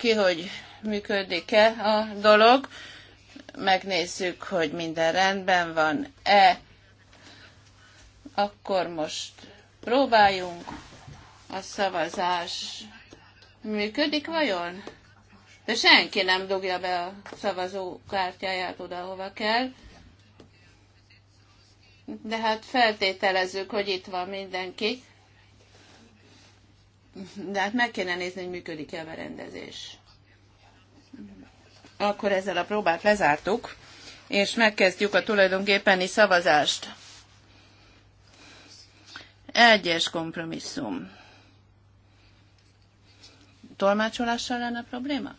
ki, hogy működik-e a dolog. Megnézzük, hogy minden rendben van-e. Akkor most próbáljunk. A szavazás működik vajon? De senki nem dugja be a szavazókártyáját oda, hova kell. De hát feltételezzük, hogy itt van mindenki de hát meg kéne nézni, hogy működik-e a berendezés. Akkor ezzel a próbát lezártuk, és megkezdjük a tulajdonképpeni szavazást. Egyes kompromisszum. Tolmácsolással lenne probléma?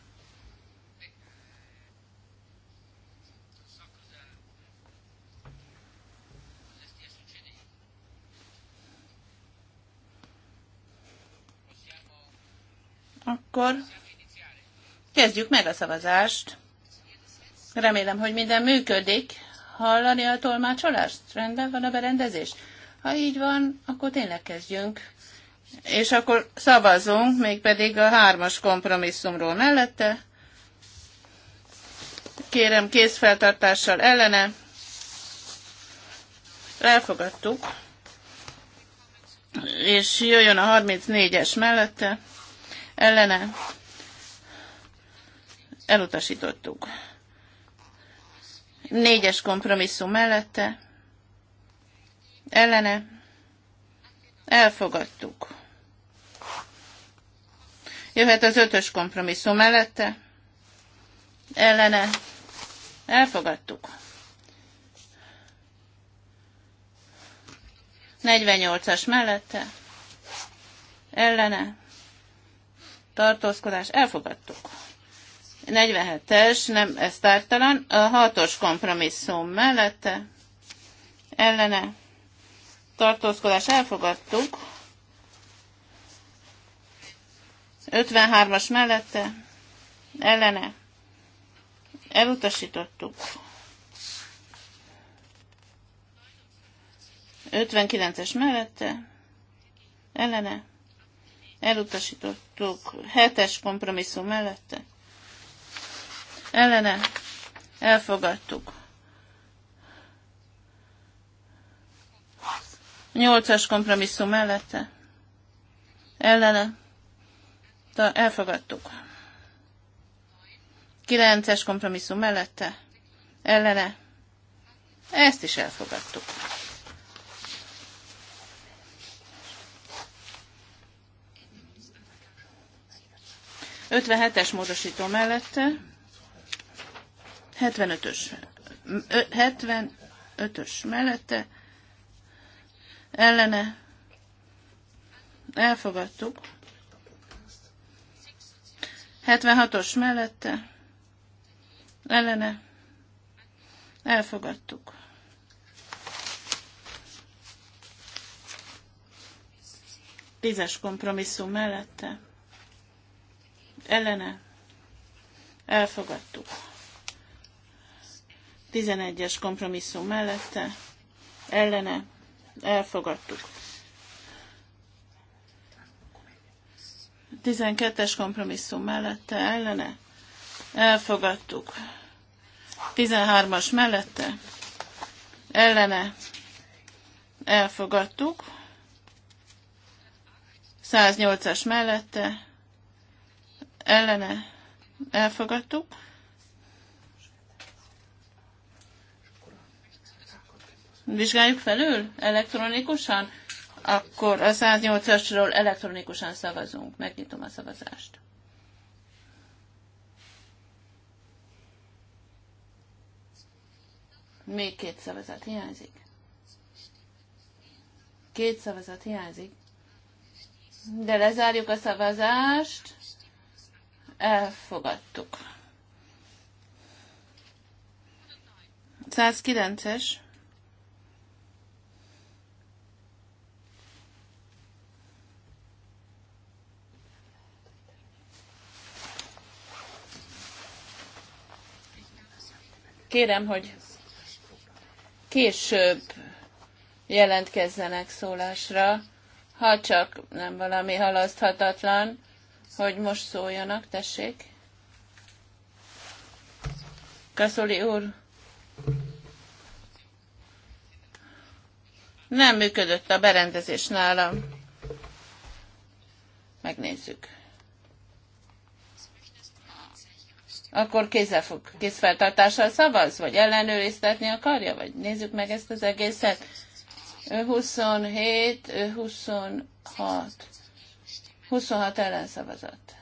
Akkor kezdjük meg a szavazást. Remélem, hogy minden működik. Hallani a tolmácsolást? Rendben van a berendezés? Ha így van, akkor tényleg kezdjünk. És akkor szavazunk, mégpedig a hármas kompromisszumról mellette. Kérem kézfeltartással ellene. Elfogadtuk. És jöjjön a 34-es mellette ellene elutasítottuk. Négyes kompromisszum mellette ellene elfogadtuk. Jöhet az ötös kompromisszum mellette ellene elfogadtuk. 48-as mellette ellene tartózkodás elfogadtuk. 47-es, nem ez tártalan, a 6-os kompromisszum mellette ellene tartózkodás elfogadtuk. 53-as mellette ellene elutasítottuk. 59-es mellette ellene elutasítottuk hetes kompromisszum mellette. Ellene elfogadtuk. Nyolcas kompromisszum mellette. Ellene Ta elfogadtuk. Kilences kompromisszum mellette. Ellene ezt is elfogadtuk. 57-es módosító mellette, 75-ös, 75-ös mellette, ellene elfogadtuk, 76-os mellette, ellene elfogadtuk. Tízes kompromisszum mellette ellene elfogadtuk. 11-es kompromisszum mellette ellene elfogadtuk. 12-es kompromisszum mellette ellene elfogadtuk. 13-as mellette ellene elfogadtuk. 108-as mellette ellene elfogadtuk. Vizsgáljuk felül elektronikusan? Akkor a 108-asról elektronikusan szavazunk. Megnyitom a szavazást. Még két szavazat hiányzik. Két szavazat hiányzik. De lezárjuk a szavazást. Elfogadtuk. 109-es. Kérem, hogy később jelentkezzenek szólásra, ha csak nem valami halaszthatatlan hogy most szóljanak, tessék. Kaszoli úr. Nem működött a berendezés nálam. Megnézzük. Akkor fog, kézfeltartással szavaz, vagy ellenőriztetni akarja, vagy nézzük meg ezt az egészet. 27, 26. 26 szavazott.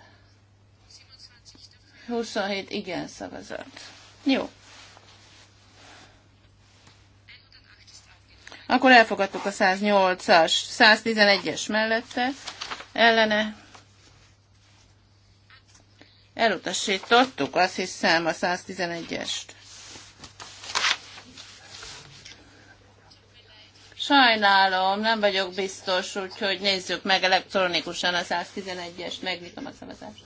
27 igen szavazat. Jó. Akkor elfogadtuk a 108-as, 111-es mellette, ellene. Elutasítottuk, azt hiszem, a 111-est. Sajnálom, nem vagyok biztos, úgyhogy nézzük meg elektronikusan a 111-es, megnyitom a szavazást.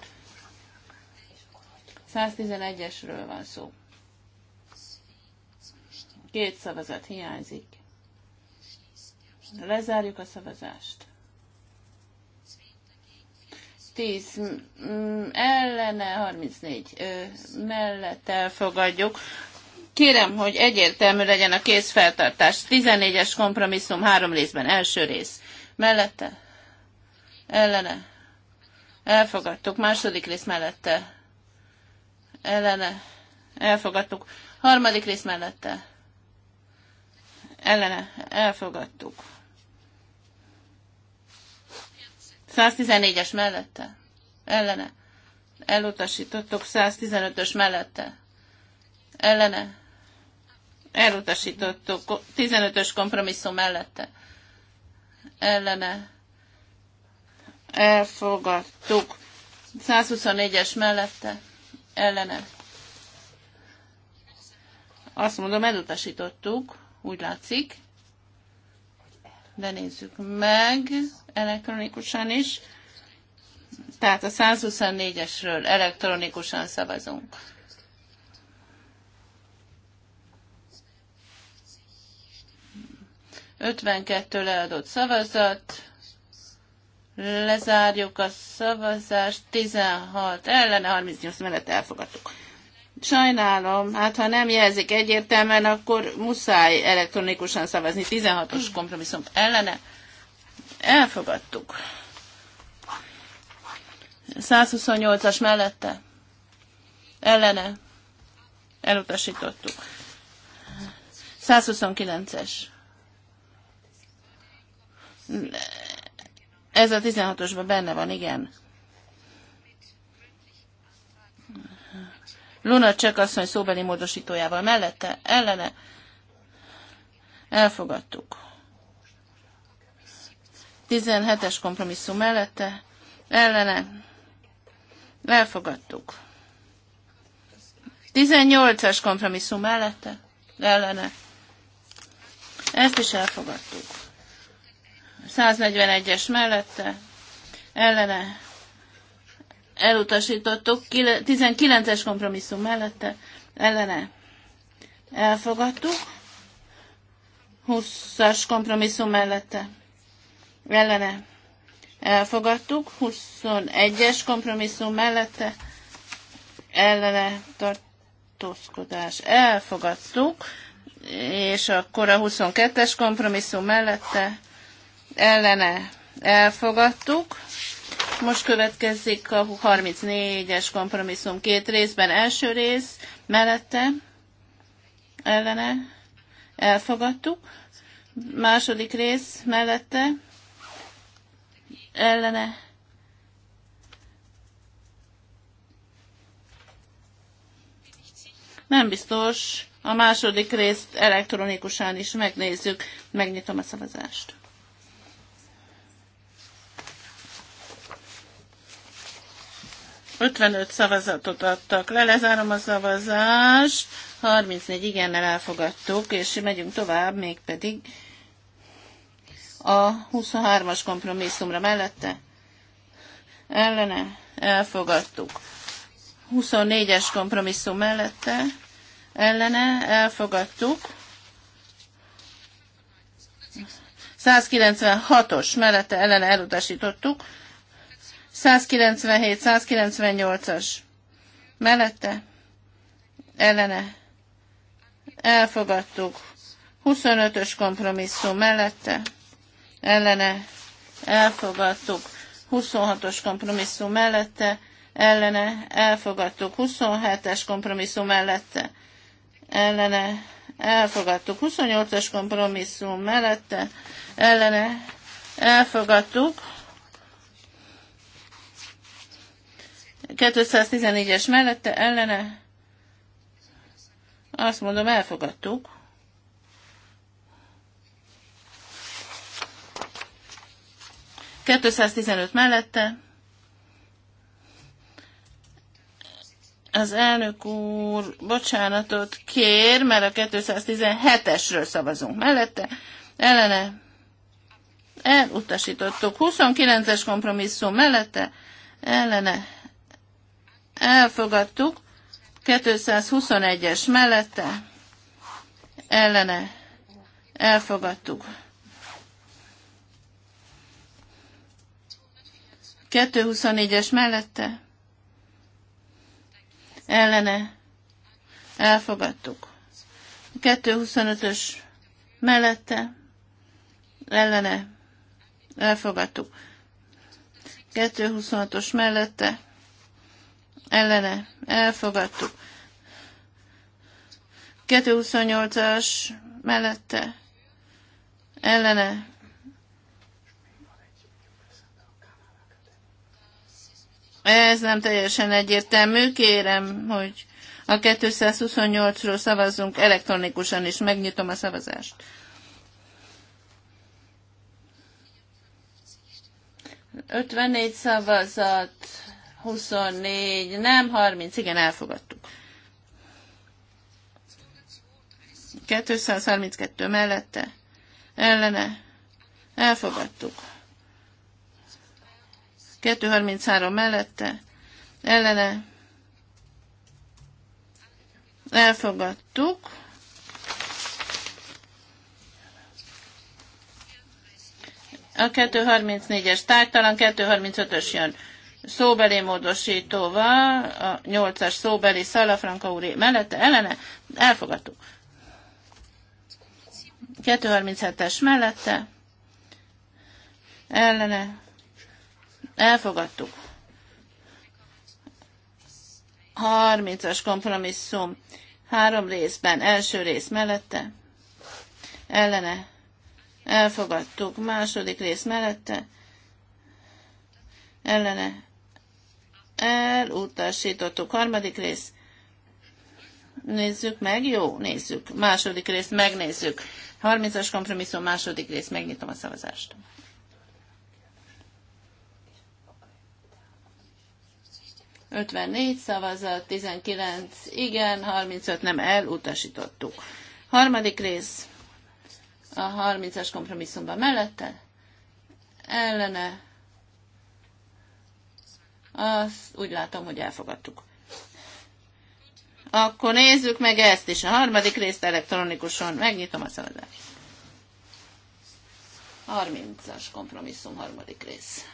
111-esről van szó. Két szavazat hiányzik. Lezárjuk a szavazást. 10 mm, ellene, 34 ö, mellett elfogadjuk. Kérem, hogy egyértelmű legyen a kézfeltartás. 14-es kompromisszum három részben, első rész. Mellette? Ellene? Elfogadtuk. Második rész mellette? Ellene? Elfogadtuk. Harmadik rész mellette? Ellene? Elfogadtuk. 114-es mellette? Ellene? Elutasítottuk. 115-ös mellette? Ellene? elutasítottuk 15-ös kompromisszum mellette. Ellene elfogadtuk 124-es mellette. Ellene. Azt mondom, elutasítottuk, úgy látszik. De nézzük meg elektronikusan is. Tehát a 124-esről elektronikusan szavazunk. 52 leadott szavazat, lezárjuk a szavazást, 16 ellene, 38 mellett elfogadtuk. Sajnálom, hát ha nem jelzik egyértelműen, akkor muszáj elektronikusan szavazni. 16-os kompromisszum ellene. Elfogadtuk. 128-as mellette. Ellene. Elutasítottuk. 129-es ez a 16-osban benne van, igen. Luna azt asszony szóbeli módosítójával mellette, ellene. Elfogadtuk. 17-es kompromisszum mellette, ellene. Elfogadtuk. 18-as kompromisszum mellette, ellene. Ezt is elfogadtuk. 141-es mellette ellene elutasítottuk, 19-es kompromisszum mellette ellene elfogadtuk, 20-as kompromisszum mellette ellene elfogadtuk, 21-es kompromisszum mellette ellene tartózkodás elfogadtuk, és akkor a 22-es kompromisszum mellette ellene elfogadtuk. Most következik a 34-es kompromisszum két részben. Első rész mellette ellene elfogadtuk. Második rész mellette ellene nem biztos, a második részt elektronikusan is megnézzük, megnyitom a szavazást. 55 szavazatot adtak le, lezárom a szavazást, 34 igennel elfogadtuk, és megyünk tovább, mégpedig a 23-as kompromisszumra mellette ellene elfogadtuk. 24-es kompromisszum mellette ellene elfogadtuk. 196-os mellette ellene elutasítottuk. 197, 198-as. Mellette, ellene, elfogadtuk. 25-ös kompromisszum mellette, ellene, elfogadtuk. 26-os kompromisszum mellette, ellene, elfogadtuk. 27-es kompromisszum mellette, ellene, elfogadtuk. 28-as kompromisszum mellette, ellene, elfogadtuk. 214-es mellette ellene. Azt mondom, elfogadtuk. Kettőszáztizenöt mellette. Az elnök úr bocsánatot kér, mert a 217-esről szavazunk mellette. Ellene elutasítottuk. 29-es kompromisszum mellette ellene elfogadtuk, 221-es mellette, ellene, elfogadtuk. 224-es mellette, ellene, elfogadtuk. 225-ös mellette, ellene, elfogadtuk. 226-os mellette, ellene elfogadtuk. 228-as mellette ellene Ez nem teljesen egyértelmű, kérem, hogy a 228-ról szavazzunk elektronikusan, és megnyitom a szavazást. Ötvennégy szavazat 24, nem, 30, igen, elfogadtuk. 232 mellette, ellene, elfogadtuk. 233 mellette, ellene, elfogadtuk. 234-es tártalan, 235-ös jön szóbeli módosítóval, a nyolcas szóbeli Szalafranka úri mellette ellene elfogadtuk. 237-es mellette ellene elfogadtuk. 30-as kompromisszum három részben, első rész mellette ellene elfogadtuk, második rész mellette ellene Elutasítottuk. Harmadik rész. Nézzük meg. Jó, nézzük. Második rész, megnézzük. 30-as kompromisszum, második rész. Megnyitom a szavazást. Ötvennégy szavazat, 19 igen, 35 nem elutasítottuk. Harmadik rész a 30-as kompromisszumban mellette, ellene azt úgy látom, hogy elfogadtuk. Akkor nézzük meg ezt is. A harmadik részt elektronikusan megnyitom a szavazást. 30-as kompromisszum harmadik rész.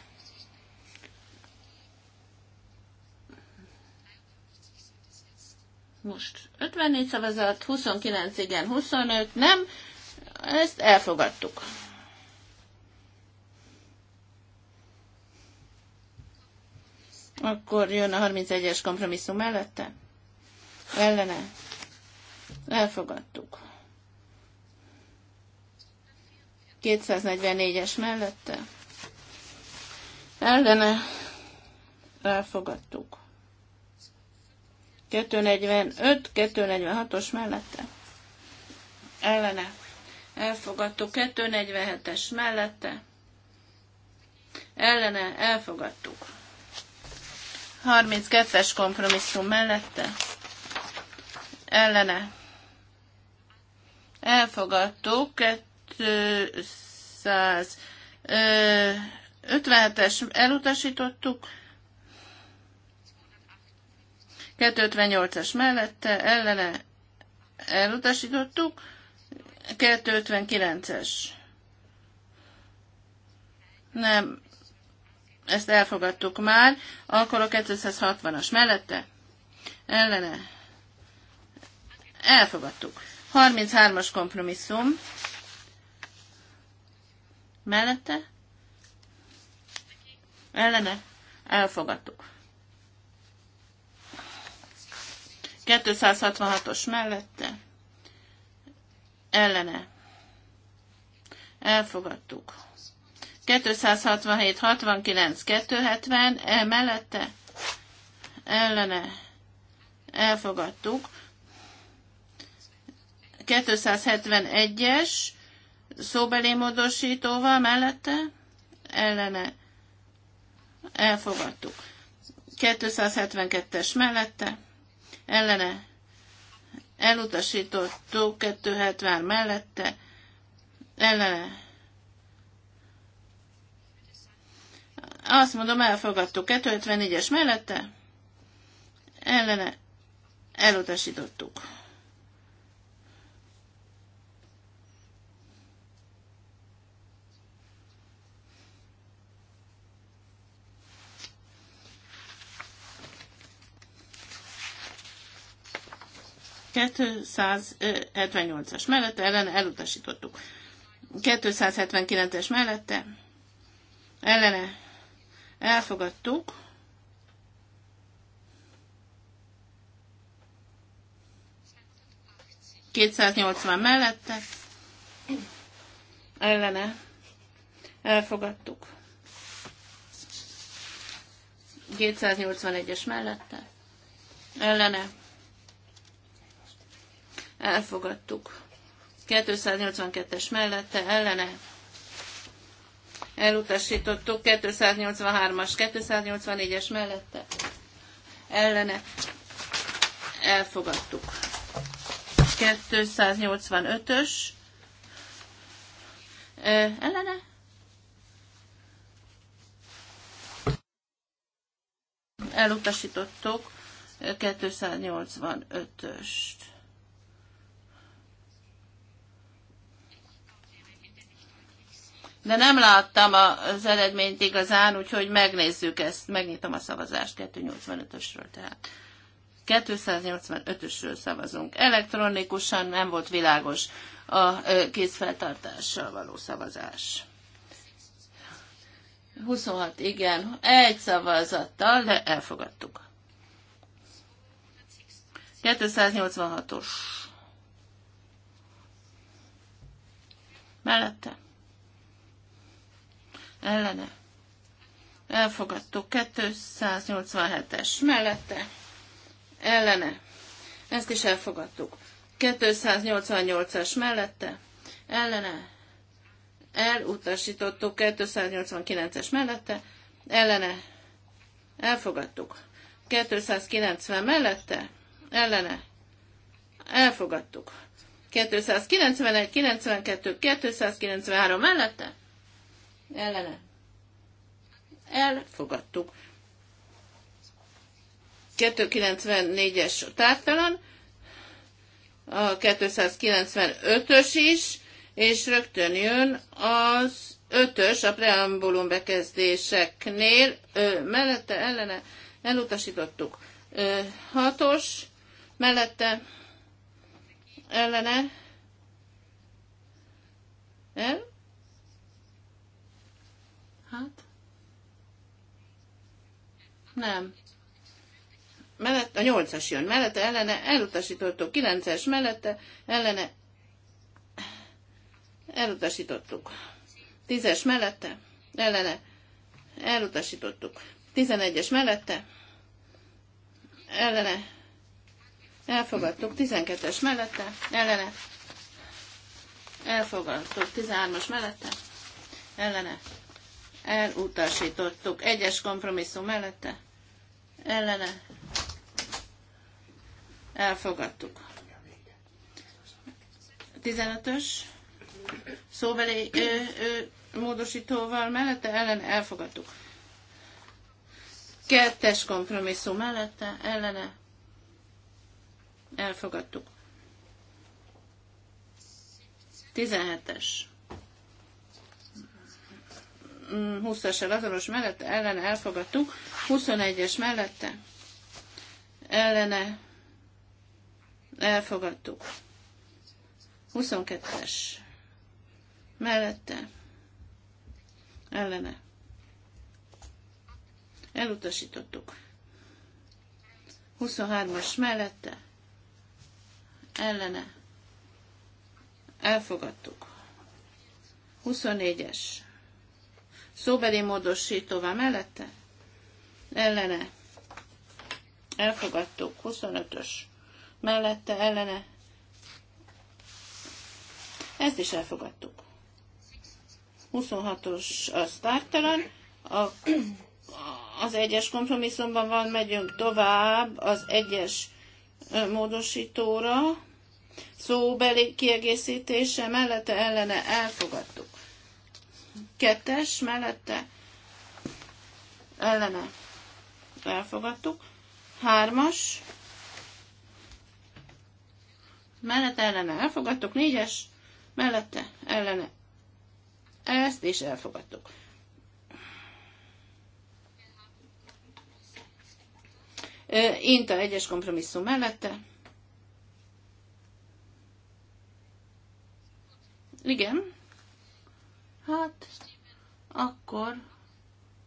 Most 54 szavazat, 29 igen, 25 nem. Ezt elfogadtuk. Akkor jön a 31-es kompromisszum mellette. Ellene. Elfogadtuk. 244-es mellette. Ellene. Elfogadtuk. 245, 246-os mellette. Ellene. Elfogadtuk. 247-es mellette. Ellene. Elfogadtuk. 32-es kompromisszum mellette ellene elfogadtuk 257-es elutasítottuk 258 es mellette ellene elutasítottuk 259-es nem ezt elfogadtuk már, akkor a 260-as mellette ellene elfogadtuk. 33-as kompromisszum mellette ellene elfogadtuk. 266-os mellette ellene elfogadtuk. 267, 69, 270 mellette ellene elfogadtuk. 271-es szóbeli módosítóval mellette ellene elfogadtuk. 272-es mellette ellene elutasítottuk, 273 mellette ellene Azt mondom, elfogadtuk 254-es mellette, ellene elutasítottuk. as mellette ellen elutasítottuk. 279-es mellette ellene Elfogadtuk. Kétszáznyolcvan mellette. Ellene. Elfogadtuk. 281-es mellette. Ellene. Elfogadtuk. 282-es mellette. Ellene elutasítottuk 283-as, 284-es mellette ellene elfogadtuk. 285-ös ellene elutasítottuk 285-öst. de nem láttam az eredményt igazán, úgyhogy megnézzük ezt. Megnyitom a szavazást 285-ösről tehát. 285-ösről szavazunk. Elektronikusan nem volt világos a kézfeltartással való szavazás. 26 igen, egy szavazattal, de elfogadtuk. 286-os. Mellette ellene. Elfogadtuk 287-es mellette, ellene. Ezt is elfogadtuk. 288-as mellette, ellene. Elutasítottuk 289-es mellette, ellene. Elfogadtuk. 290 mellette, ellene. Elfogadtuk. 291, 92, 293 mellette, ellene elfogadtuk. 294-es tártalan, a 295-ös is, és rögtön jön az 5-ös a preambulum bekezdéseknél, ö, mellette ellene elutasítottuk. 6-os, mellette ellene el, Hát. Nem. Mellett, a nyolcas jön. Mellette ellene elutasítottuk. Kilences mellette ellene elutasítottuk. Tízes mellette ellene elutasítottuk. Tizenegyes mellette ellene elfogadtuk. Tizenkettes mellette ellene elfogadtuk. Tizenhármas mellette ellene elutasítottuk. Egyes kompromisszum mellette ellene elfogadtuk. 15-ös szóbeli ö, ö, módosítóval mellette ellene elfogadtuk. Kettes kompromisszum mellette ellene elfogadtuk. 17-es 20-assal azonos mellette ellene elfogadtuk, 21-es mellette ellene elfogadtuk. 22-es mellette ellene elutasítottuk. 23-as mellette ellene elfogadtuk. 24-es szóbeli módosítóval mellette ellene elfogadtuk 25-ös mellette ellene ezt is elfogadtuk 26-os a sztártalan, a, az egyes kompromisszumban van megyünk tovább az egyes módosítóra szóbeli kiegészítése mellette ellene elfogadtuk Kettes mellette ellene elfogadtuk. Hármas mellette ellene elfogadtuk. Négyes mellette ellene ezt is elfogadtuk. Inta egyes kompromisszum mellette. Igen. Hát, akkor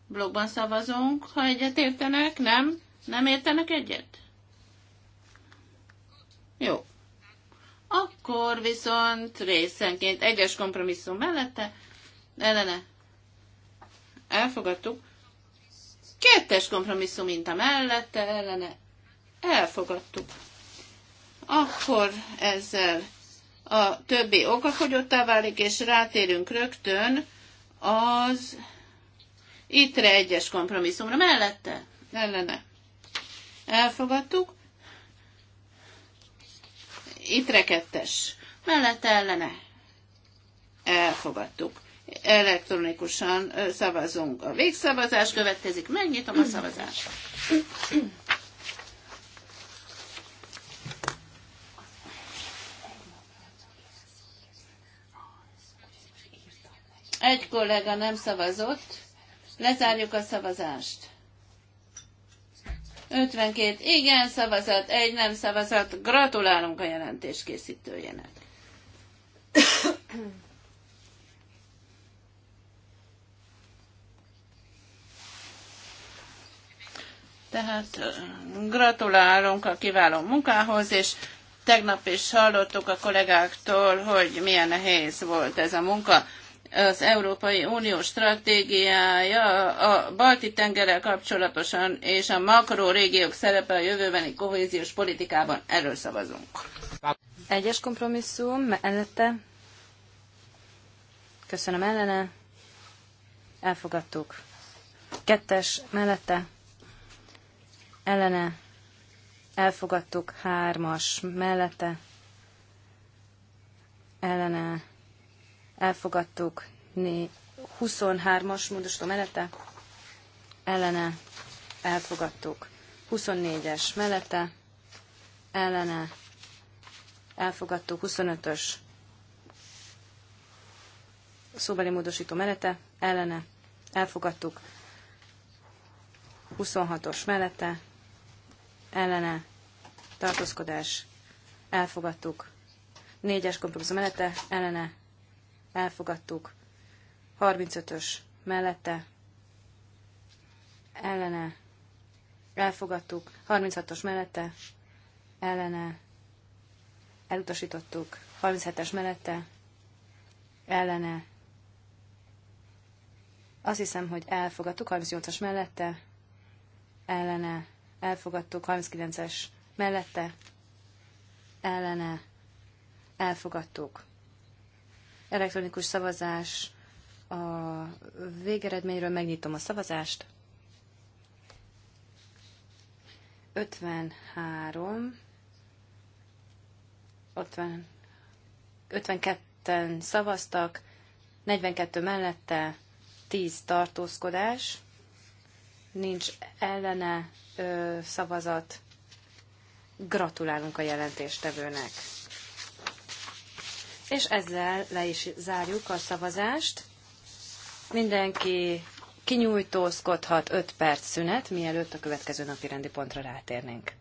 blogban szavazunk, ha egyet értenek, nem? Nem értenek egyet? Jó. Akkor viszont részenként egyes kompromisszum mellette, ellene elfogadtuk. Kettes kompromisszum minta mellette, ellene elfogadtuk. Akkor ezzel a többi okafogyottá válik, és rátérünk rögtön az ittre egyes kompromisszumra mellette, ellene. Elfogadtuk. Ittre kettes. Mellette ellene. Elfogadtuk. Elektronikusan szavazunk. A végszavazás következik. Megnyitom a szavazást. Egy kollega nem szavazott. Lezárjuk a szavazást. 52 igen szavazat, egy nem szavazat. Gratulálunk a jelentés készítőjének. Tehát gratulálunk a kiváló munkához, és tegnap is hallottuk a kollégáktól, hogy milyen nehéz volt ez a munka az Európai Unió stratégiája a balti tengerrel kapcsolatosan és a makró régiók szerepe a jövőbeni kohéziós politikában. Erről szavazunk. Egyes kompromisszum, mellette. Köszönöm ellene. Elfogadtuk. Kettes, mellette. Ellene. Elfogadtuk. Hármas, mellette. Ellene elfogadtuk. 23-as módosító mellette ellene elfogadtuk. 24-es mellette ellene elfogadtuk. 25-ös szóbeli módosító mellette ellene elfogadtuk. 26-os mellette ellene tartózkodás elfogadtuk. 4-es kompromisszum mellette ellene elfogadtuk. 35-ös mellette ellene elfogadtuk. 36-os mellette ellene elutasítottuk. 37-es mellette ellene azt hiszem, hogy elfogadtuk. 38-as mellette ellene elfogadtuk. 39-es mellette ellene elfogadtuk. Elektronikus szavazás a végeredményről. Megnyitom a szavazást. 53. 50, 52-en szavaztak, 42 mellette 10 tartózkodás, nincs ellene ö, szavazat. Gratulálunk a jelentéstevőnek! És ezzel le is zárjuk a szavazást. Mindenki kinyújtózkodhat 5 perc szünet, mielőtt a következő napi rendi pontra rátérnénk.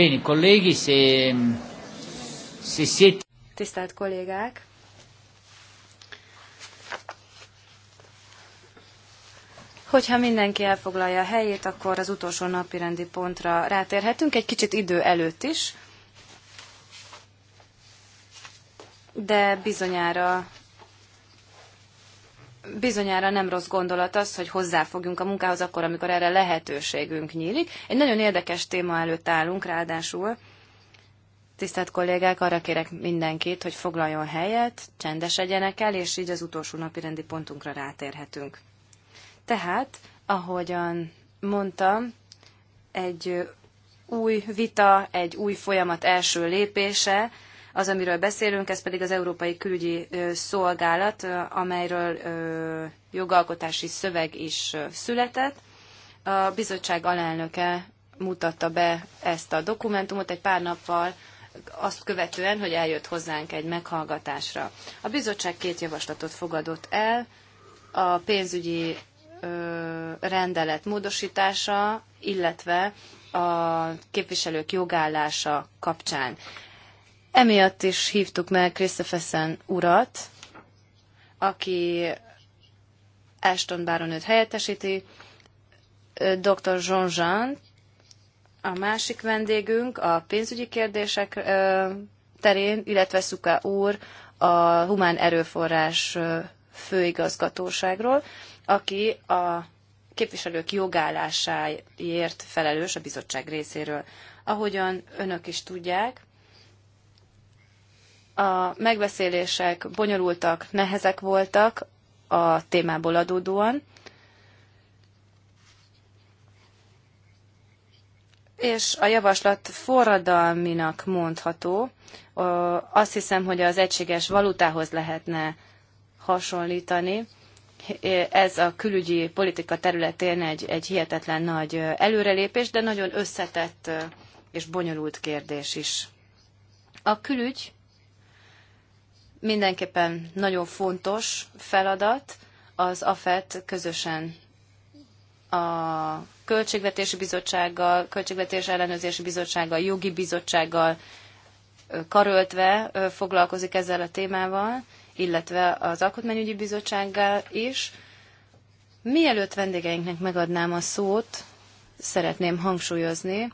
Bene, colleghi, se, se siete... Tisztelt kollégák! Hogyha mindenki elfoglalja a helyét, akkor az utolsó napi rendi pontra rátérhetünk, egy kicsit idő előtt is, de bizonyára bizonyára nem rossz gondolat az, hogy hozzáfogjunk a munkához akkor, amikor erre lehetőségünk nyílik. Egy nagyon érdekes téma előtt állunk, ráadásul. Tisztelt kollégák, arra kérek mindenkit, hogy foglaljon helyet, csendesedjenek el, és így az utolsó napi rendi pontunkra rátérhetünk. Tehát, ahogyan mondtam, egy új vita, egy új folyamat első lépése, az, amiről beszélünk, ez pedig az Európai Külügyi Szolgálat, amelyről jogalkotási szöveg is született. A bizottság alelnöke mutatta be ezt a dokumentumot egy pár nappal azt követően, hogy eljött hozzánk egy meghallgatásra. A bizottság két javaslatot fogadott el, a pénzügyi rendelet módosítása, illetve a képviselők jogállása kapcsán. Emiatt is hívtuk meg Christopherson urat, aki Ashton Baronőt helyettesíti, dr. Jean Jean, a másik vendégünk a pénzügyi kérdések terén, illetve Szuka úr a Humán Erőforrás főigazgatóságról, aki a képviselők jogállásáért felelős a bizottság részéről. Ahogyan önök is tudják, a megbeszélések bonyolultak, nehezek voltak a témából adódóan, és a javaslat forradalminak mondható. Azt hiszem, hogy az egységes valutához lehetne hasonlítani. Ez a külügyi politika területén egy, egy hihetetlen nagy előrelépés, de nagyon összetett és bonyolult kérdés is. A külügy Mindenképpen nagyon fontos feladat az AFET közösen a Költségvetési Bizottsággal, Költségvetés Ellenőrzési Bizottsággal, Jogi Bizottsággal karöltve foglalkozik ezzel a témával, illetve az Alkotmányügyi Bizottsággal is. Mielőtt vendégeinknek megadnám a szót, szeretném hangsúlyozni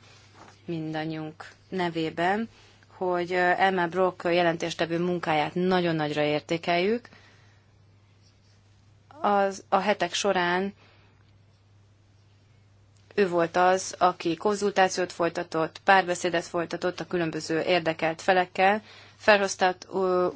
mindannyiunk nevében, hogy Emma Brock jelentéstevő munkáját nagyon nagyra értékeljük. Az, a hetek során ő volt az, aki konzultációt folytatott, párbeszédet folytatott a különböző érdekelt felekkel. Felhoztat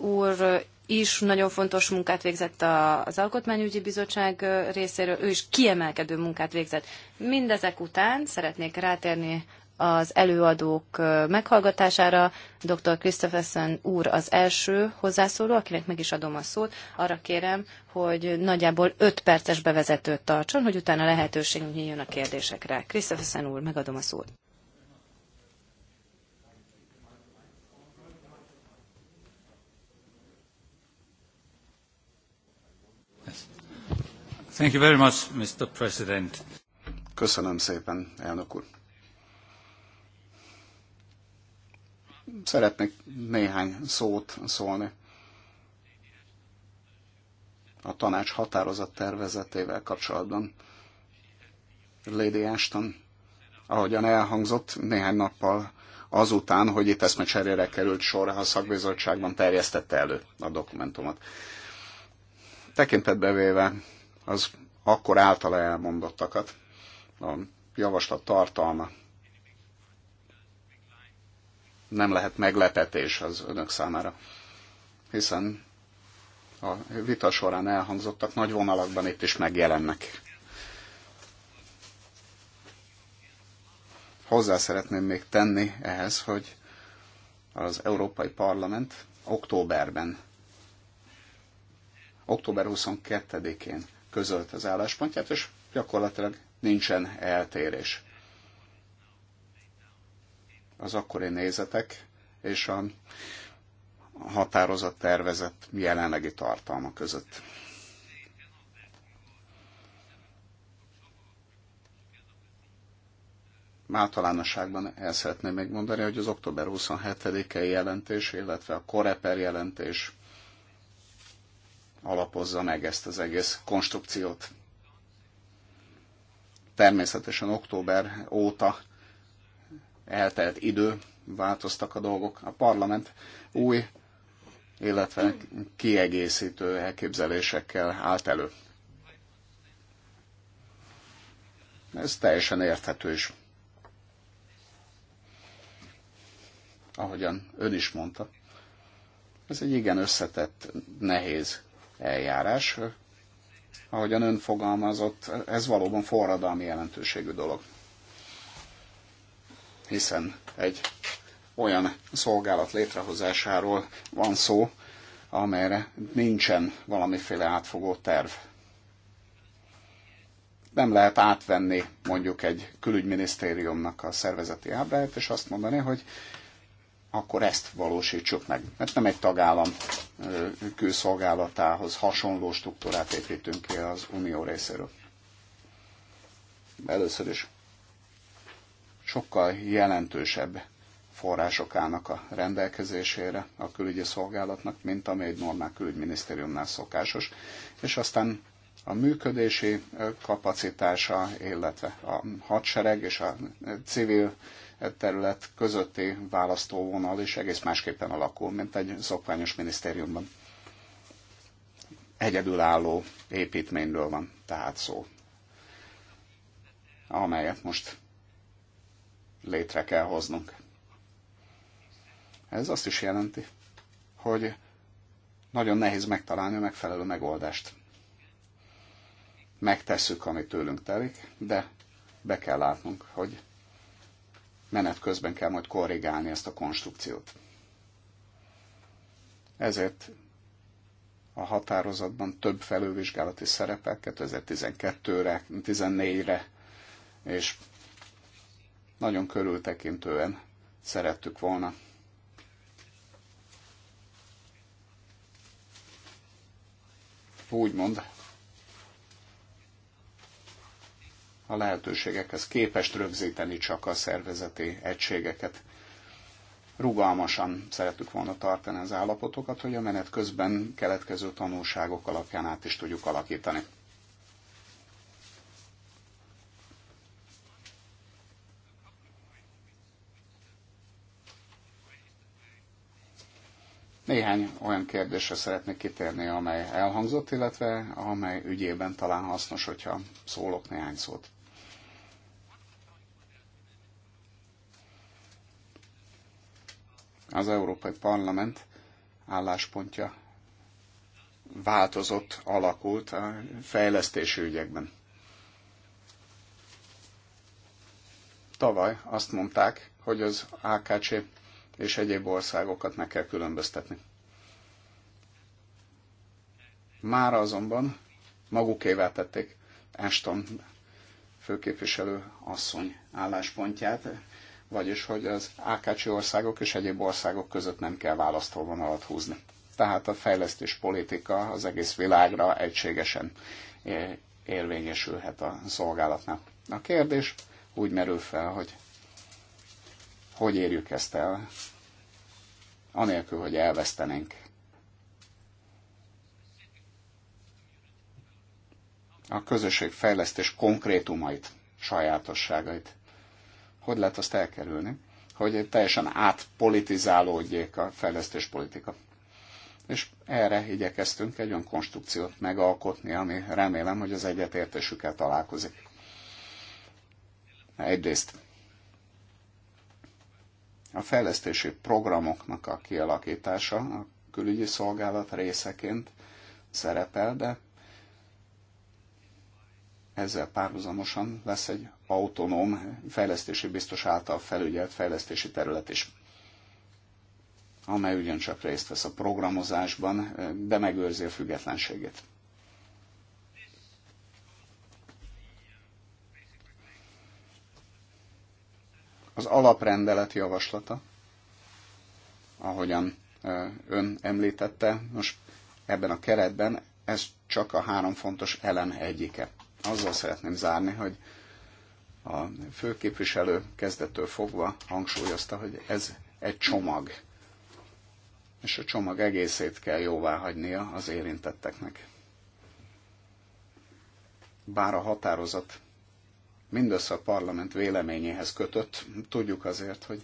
úr is nagyon fontos munkát végzett az Alkotmányügyi Bizottság részéről, ő is kiemelkedő munkát végzett. Mindezek után szeretnék rátérni az előadók meghallgatására. Dr. Christopherson úr az első hozzászóló, akinek meg is adom a szót. Arra kérem, hogy nagyjából 5 perces bevezetőt tartson, hogy utána lehetőség nyíljon a kérdésekre. Christopherson úr, megadom a szót. Thank you very much, Mr. President. Köszönöm szépen, elnök úr. szeretnék néhány szót szólni a tanács határozat tervezetével kapcsolatban. Lady Ashton, ahogyan elhangzott, néhány nappal azután, hogy itt eszmecserére került sor, a szakbizottságban terjesztette elő a dokumentumot. Tekintetbe véve az akkor általa elmondottakat, a javaslat tartalma nem lehet meglepetés az önök számára, hiszen a vita során elhangzottak nagy vonalakban itt is megjelennek. Hozzá szeretném még tenni ehhez, hogy az Európai Parlament októberben, október 22-én közölt az álláspontját, és gyakorlatilag nincsen eltérés az akkori nézetek és a határozat tervezett jelenlegi tartalma között. általánosságban el szeretném megmondani, hogy az október 27-i jelentés, illetve a Koreper jelentés alapozza meg ezt az egész konstrukciót. Természetesen október óta eltelt idő, változtak a dolgok. A parlament új, illetve kiegészítő elképzelésekkel állt elő. Ez teljesen érthető is. Ahogyan ön is mondta, ez egy igen összetett, nehéz eljárás. Ahogyan ön fogalmazott, ez valóban forradalmi jelentőségű dolog hiszen egy olyan szolgálat létrehozásáról van szó, amelyre nincsen valamiféle átfogó terv. Nem lehet átvenni mondjuk egy külügyminisztériumnak a szervezeti ábráját, és azt mondani, hogy akkor ezt valósítsuk meg. Mert nem egy tagállam külszolgálatához hasonló struktúrát építünk ki az unió részéről. Először is sokkal jelentősebb források állnak a rendelkezésére a külügyi szolgálatnak, mint ami egy normál külügyminisztériumnál szokásos. És aztán a működési kapacitása, illetve a hadsereg és a civil terület közötti választóvonal is egész másképpen alakul, mint egy szokványos minisztériumban. Egyedülálló építményről van tehát szó, amelyet most létre kell hoznunk. Ez azt is jelenti, hogy nagyon nehéz megtalálni a megfelelő megoldást. Megtesszük, amit tőlünk telik, de be kell látnunk, hogy menet közben kell majd korrigálni ezt a konstrukciót. Ezért a határozatban több felülvizsgálati szerepel 2012-re, 2014-re és nagyon körültekintően szerettük volna. Úgymond a lehetőségekhez képest rögzíteni csak a szervezeti egységeket. Rugalmasan szerettük volna tartani az állapotokat, hogy a menet közben keletkező tanulságok alapján át is tudjuk alakítani. Néhány olyan kérdésre szeretnék kitérni, amely elhangzott, illetve amely ügyében talán hasznos, hogyha szólok néhány szót. Az Európai Parlament álláspontja változott, alakult a fejlesztési ügyekben. Tavaly azt mondták, hogy az AKC és egyéb országokat meg kell különböztetni. Mára azonban magukévá tették Ashton főképviselő asszony álláspontját, vagyis hogy az Ákácsi országok és egyéb országok között nem kell választóvonalat húzni. Tehát a fejlesztés politika az egész világra egységesen érvényesülhet a szolgálatnál. A kérdés úgy merül fel, hogy hogy érjük ezt el, anélkül, hogy elvesztenénk a közösség fejlesztés konkrétumait, sajátosságait. Hogy lehet azt elkerülni? Hogy teljesen átpolitizálódjék a fejlesztés politika. És erre igyekeztünk egy olyan konstrukciót megalkotni, ami remélem, hogy az egyetértésükkel találkozik. Egyrészt a fejlesztési programoknak a kialakítása a külügyi szolgálat részeként szerepel, de ezzel párhuzamosan lesz egy autonóm fejlesztési biztos által felügyelt fejlesztési terület is, amely ugyancsak részt vesz a programozásban, de megőrzi a függetlenségét. Az alaprendelet javaslata, ahogyan ön említette, most ebben a keretben ez csak a három fontos elem egyike. Azzal szeretném zárni, hogy a főképviselő kezdettől fogva hangsúlyozta, hogy ez egy csomag, és a csomag egészét kell jóvá hagynia az érintetteknek. Bár a határozat mindössze a parlament véleményéhez kötött. Tudjuk azért, hogy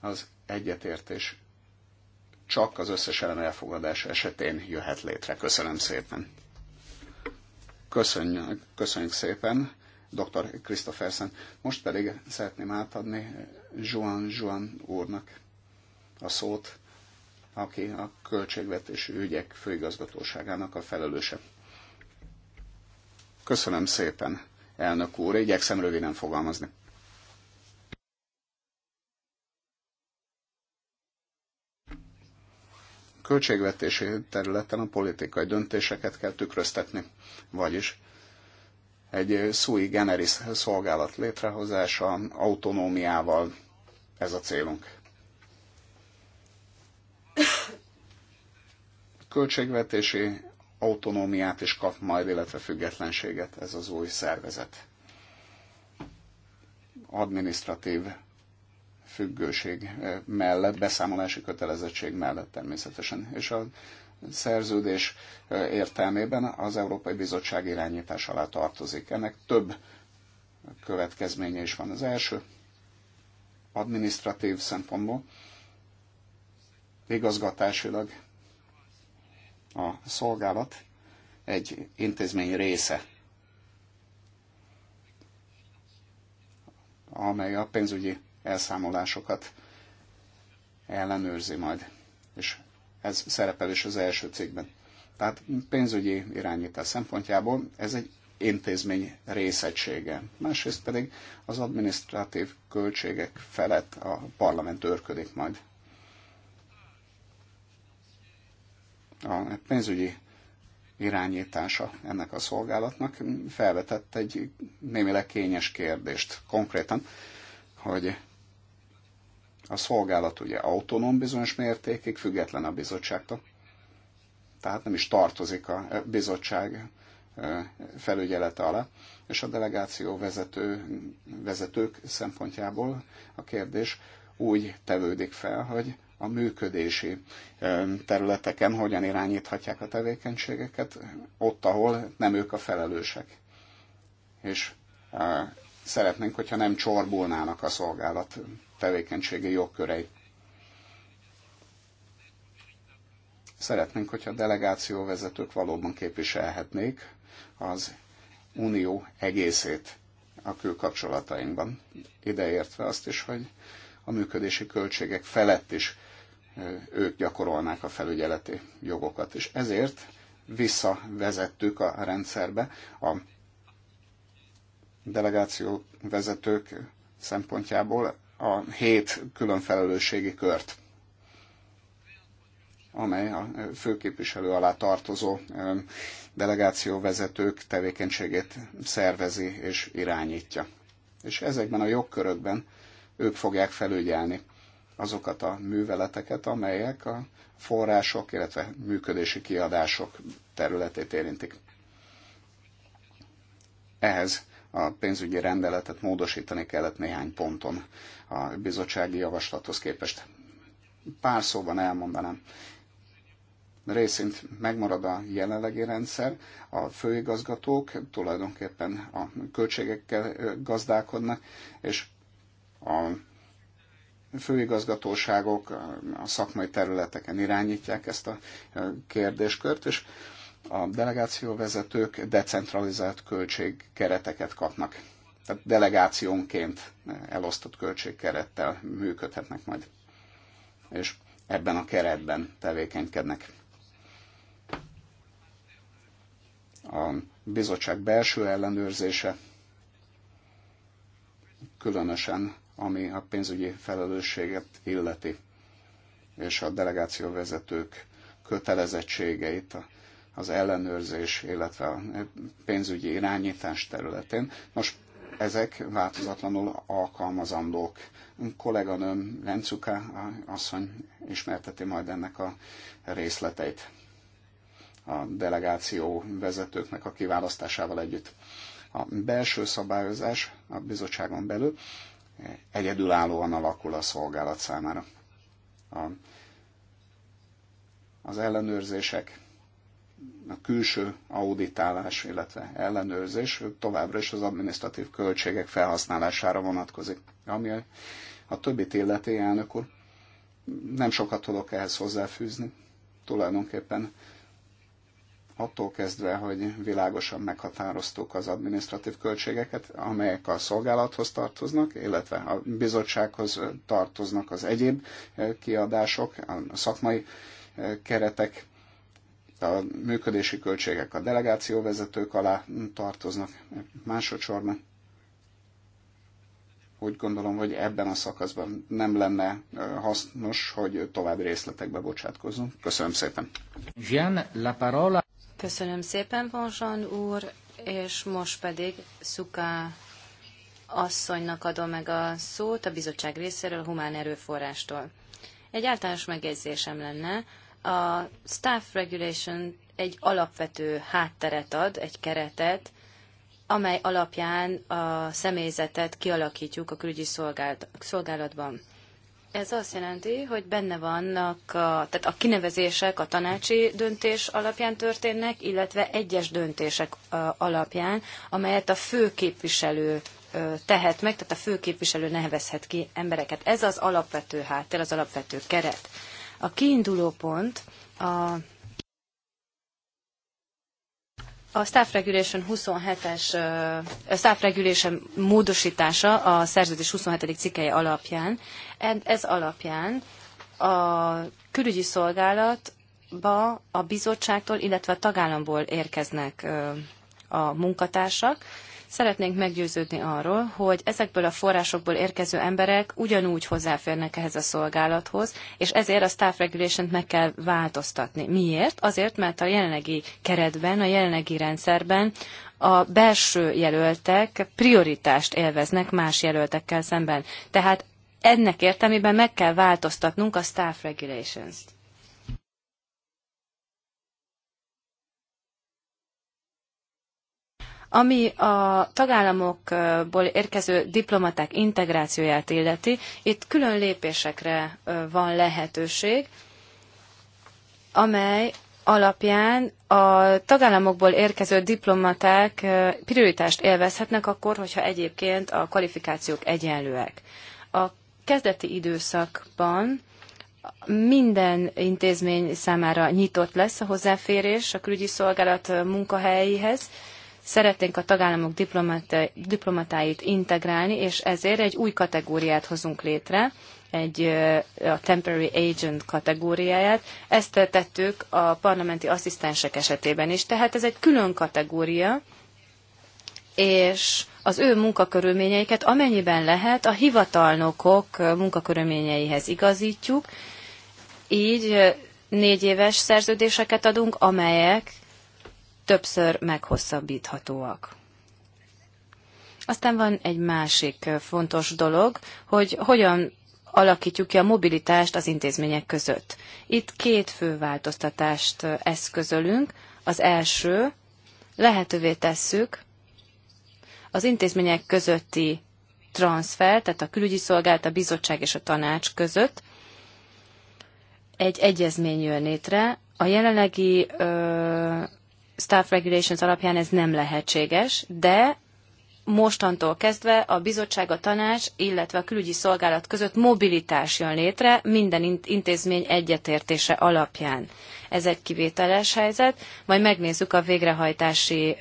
az egyetértés csak az összes elem elfogadása esetén jöhet létre. Köszönöm szépen. Köszönjük, köszönjük szépen, dr. Christophersen. Most pedig szeretném átadni Juan Juan úrnak a szót, aki a költségvetési ügyek főigazgatóságának a felelőse. Köszönöm szépen, elnök úr, igyekszem röviden fogalmazni. Költségvetési területen a politikai döntéseket kell tükröztetni, vagyis egy sui generis szolgálat létrehozása autonómiával, ez a célunk. Költségvetési autonómiát is kap majd, illetve függetlenséget ez az új szervezet. Administratív függőség eh, mellett, beszámolási kötelezettség mellett természetesen. És a szerződés eh, értelmében az Európai Bizottság irányítás alá tartozik. Ennek több következménye is van. Az első, administratív szempontból, igazgatásilag a szolgálat egy intézmény része, amely a pénzügyi elszámolásokat ellenőrzi majd. És ez szerepel is az első cégben. Tehát pénzügyi irányítás szempontjából ez egy intézmény részegysége. Másrészt pedig az adminisztratív költségek felett a parlament őrködik majd. a pénzügyi irányítása ennek a szolgálatnak felvetett egy némileg kényes kérdést konkrétan, hogy a szolgálat ugye autonóm bizonyos mértékig, független a bizottságtól, tehát nem is tartozik a bizottság felügyelete alá, és a delegáció vezető, vezetők szempontjából a kérdés úgy tevődik fel, hogy a működési területeken hogyan irányíthatják a tevékenységeket, ott, ahol nem ők a felelősek. És szeretnénk, hogyha nem csorbulnának a szolgálat tevékenységi jogkörei. Szeretnénk, hogyha a delegációvezetők valóban képviselhetnék az unió egészét a külkapcsolatainkban. Ideértve azt is, hogy a működési költségek felett is ők gyakorolnák a felügyeleti jogokat. És ezért visszavezettük a rendszerbe a delegáció vezetők szempontjából a hét külön felelősségi kört, amely a főképviselő alá tartozó delegáció vezetők tevékenységét szervezi és irányítja. És ezekben a jogkörökben ők fogják felügyelni azokat a műveleteket, amelyek a források, illetve működési kiadások területét érintik. Ehhez a pénzügyi rendeletet módosítani kellett néhány ponton a bizottsági javaslathoz képest. Pár szóban elmondanám. Részint megmarad a jelenlegi rendszer, a főigazgatók tulajdonképpen a költségekkel gazdálkodnak, és a főigazgatóságok a szakmai területeken irányítják ezt a kérdéskört, és a delegációvezetők decentralizált költségkereteket kapnak. Tehát delegációnként elosztott költségkerettel működhetnek majd. És ebben a keretben tevékenykednek. A bizottság belső ellenőrzése különösen ami a pénzügyi felelősséget illeti, és a delegáció vezetők kötelezettségeit az ellenőrzés, illetve a pénzügyi irányítás területén. Most ezek változatlanul alkalmazandók. Kolléganőm Rencuka asszony ismerteti majd ennek a részleteit a delegáció vezetőknek a kiválasztásával együtt. A belső szabályozás a bizottságon belül egyedülállóan alakul a szolgálat számára. A, az ellenőrzések, a külső auditálás, illetve ellenőrzés továbbra is az adminisztratív költségek felhasználására vonatkozik. Ami a, a többi illeti, elnök úr, nem sokat tudok ehhez hozzáfűzni. Tulajdonképpen attól kezdve, hogy világosan meghatároztuk az administratív költségeket, amelyek a szolgálathoz tartoznak, illetve a bizottsághoz tartoznak az egyéb eh, kiadások, a szakmai eh, keretek, a működési költségek a delegációvezetők alá tartoznak másodszorban. Úgy gondolom, hogy ebben a szakaszban nem lenne eh, hasznos, hogy tovább részletekbe bocsátkozunk. Köszönöm szépen. Jean, la parola. Köszönöm szépen, Ponzsan úr, és most pedig Szuka asszonynak adom meg a szót a bizottság részéről, a humán erőforrástól. Egy általános megjegyzésem lenne, a staff regulation egy alapvető hátteret ad, egy keretet, amely alapján a személyzetet kialakítjuk a külügyi szolgálatban. Ez azt jelenti, hogy benne vannak, a, tehát a kinevezések a tanácsi döntés alapján történnek, illetve egyes döntések alapján, amelyet a főképviselő tehet meg, tehát a főképviselő nevezhet ki embereket. Ez az alapvető háttér, az alapvető keret. A kiinduló pont a a staff regulation 27-es, a staff regulation módosítása a szerződés 27. cikkeje alapján. Ez alapján a külügyi szolgálatba a bizottságtól, illetve a tagállamból érkeznek a munkatársak, Szeretnénk meggyőződni arról, hogy ezekből a forrásokból érkező emberek ugyanúgy hozzáférnek ehhez a szolgálathoz, és ezért a staff regulation meg kell változtatni. Miért? Azért, mert a jelenlegi keretben, a jelenlegi rendszerben a belső jelöltek prioritást élveznek más jelöltekkel szemben. Tehát ennek értelmében meg kell változtatnunk a staff regulations-t. Ami a tagállamokból érkező diplomaták integrációját illeti, itt külön lépésekre van lehetőség, amely alapján a tagállamokból érkező diplomaták prioritást élvezhetnek akkor, hogyha egyébként a kvalifikációk egyenlőek. A kezdeti időszakban minden intézmény számára nyitott lesz a hozzáférés a külügyi szolgálat munkahelyéhez, Szeretnénk a tagállamok diplomatáit integrálni, és ezért egy új kategóriát hozunk létre, egy a temporary agent kategóriáját. Ezt tettük a parlamenti asszisztensek esetében is, tehát ez egy külön kategória, és az ő munkakörülményeiket amennyiben lehet a hivatalnokok munkakörülményeihez igazítjuk, így négy éves szerződéseket adunk, amelyek többször meghosszabbíthatóak. Aztán van egy másik fontos dolog, hogy hogyan alakítjuk ki a mobilitást az intézmények között. Itt két fő változtatást eszközölünk. Az első, lehetővé tesszük az intézmények közötti transfer, tehát a külügyi szolgált, a bizottság és a tanács között egy egyezmény jön létre. A jelenlegi ö, staff regulations alapján ez nem lehetséges, de mostantól kezdve a bizottság, a tanács, illetve a külügyi szolgálat között mobilitás jön létre minden intézmény egyetértése alapján. Ez egy kivételes helyzet, majd megnézzük a végrehajtási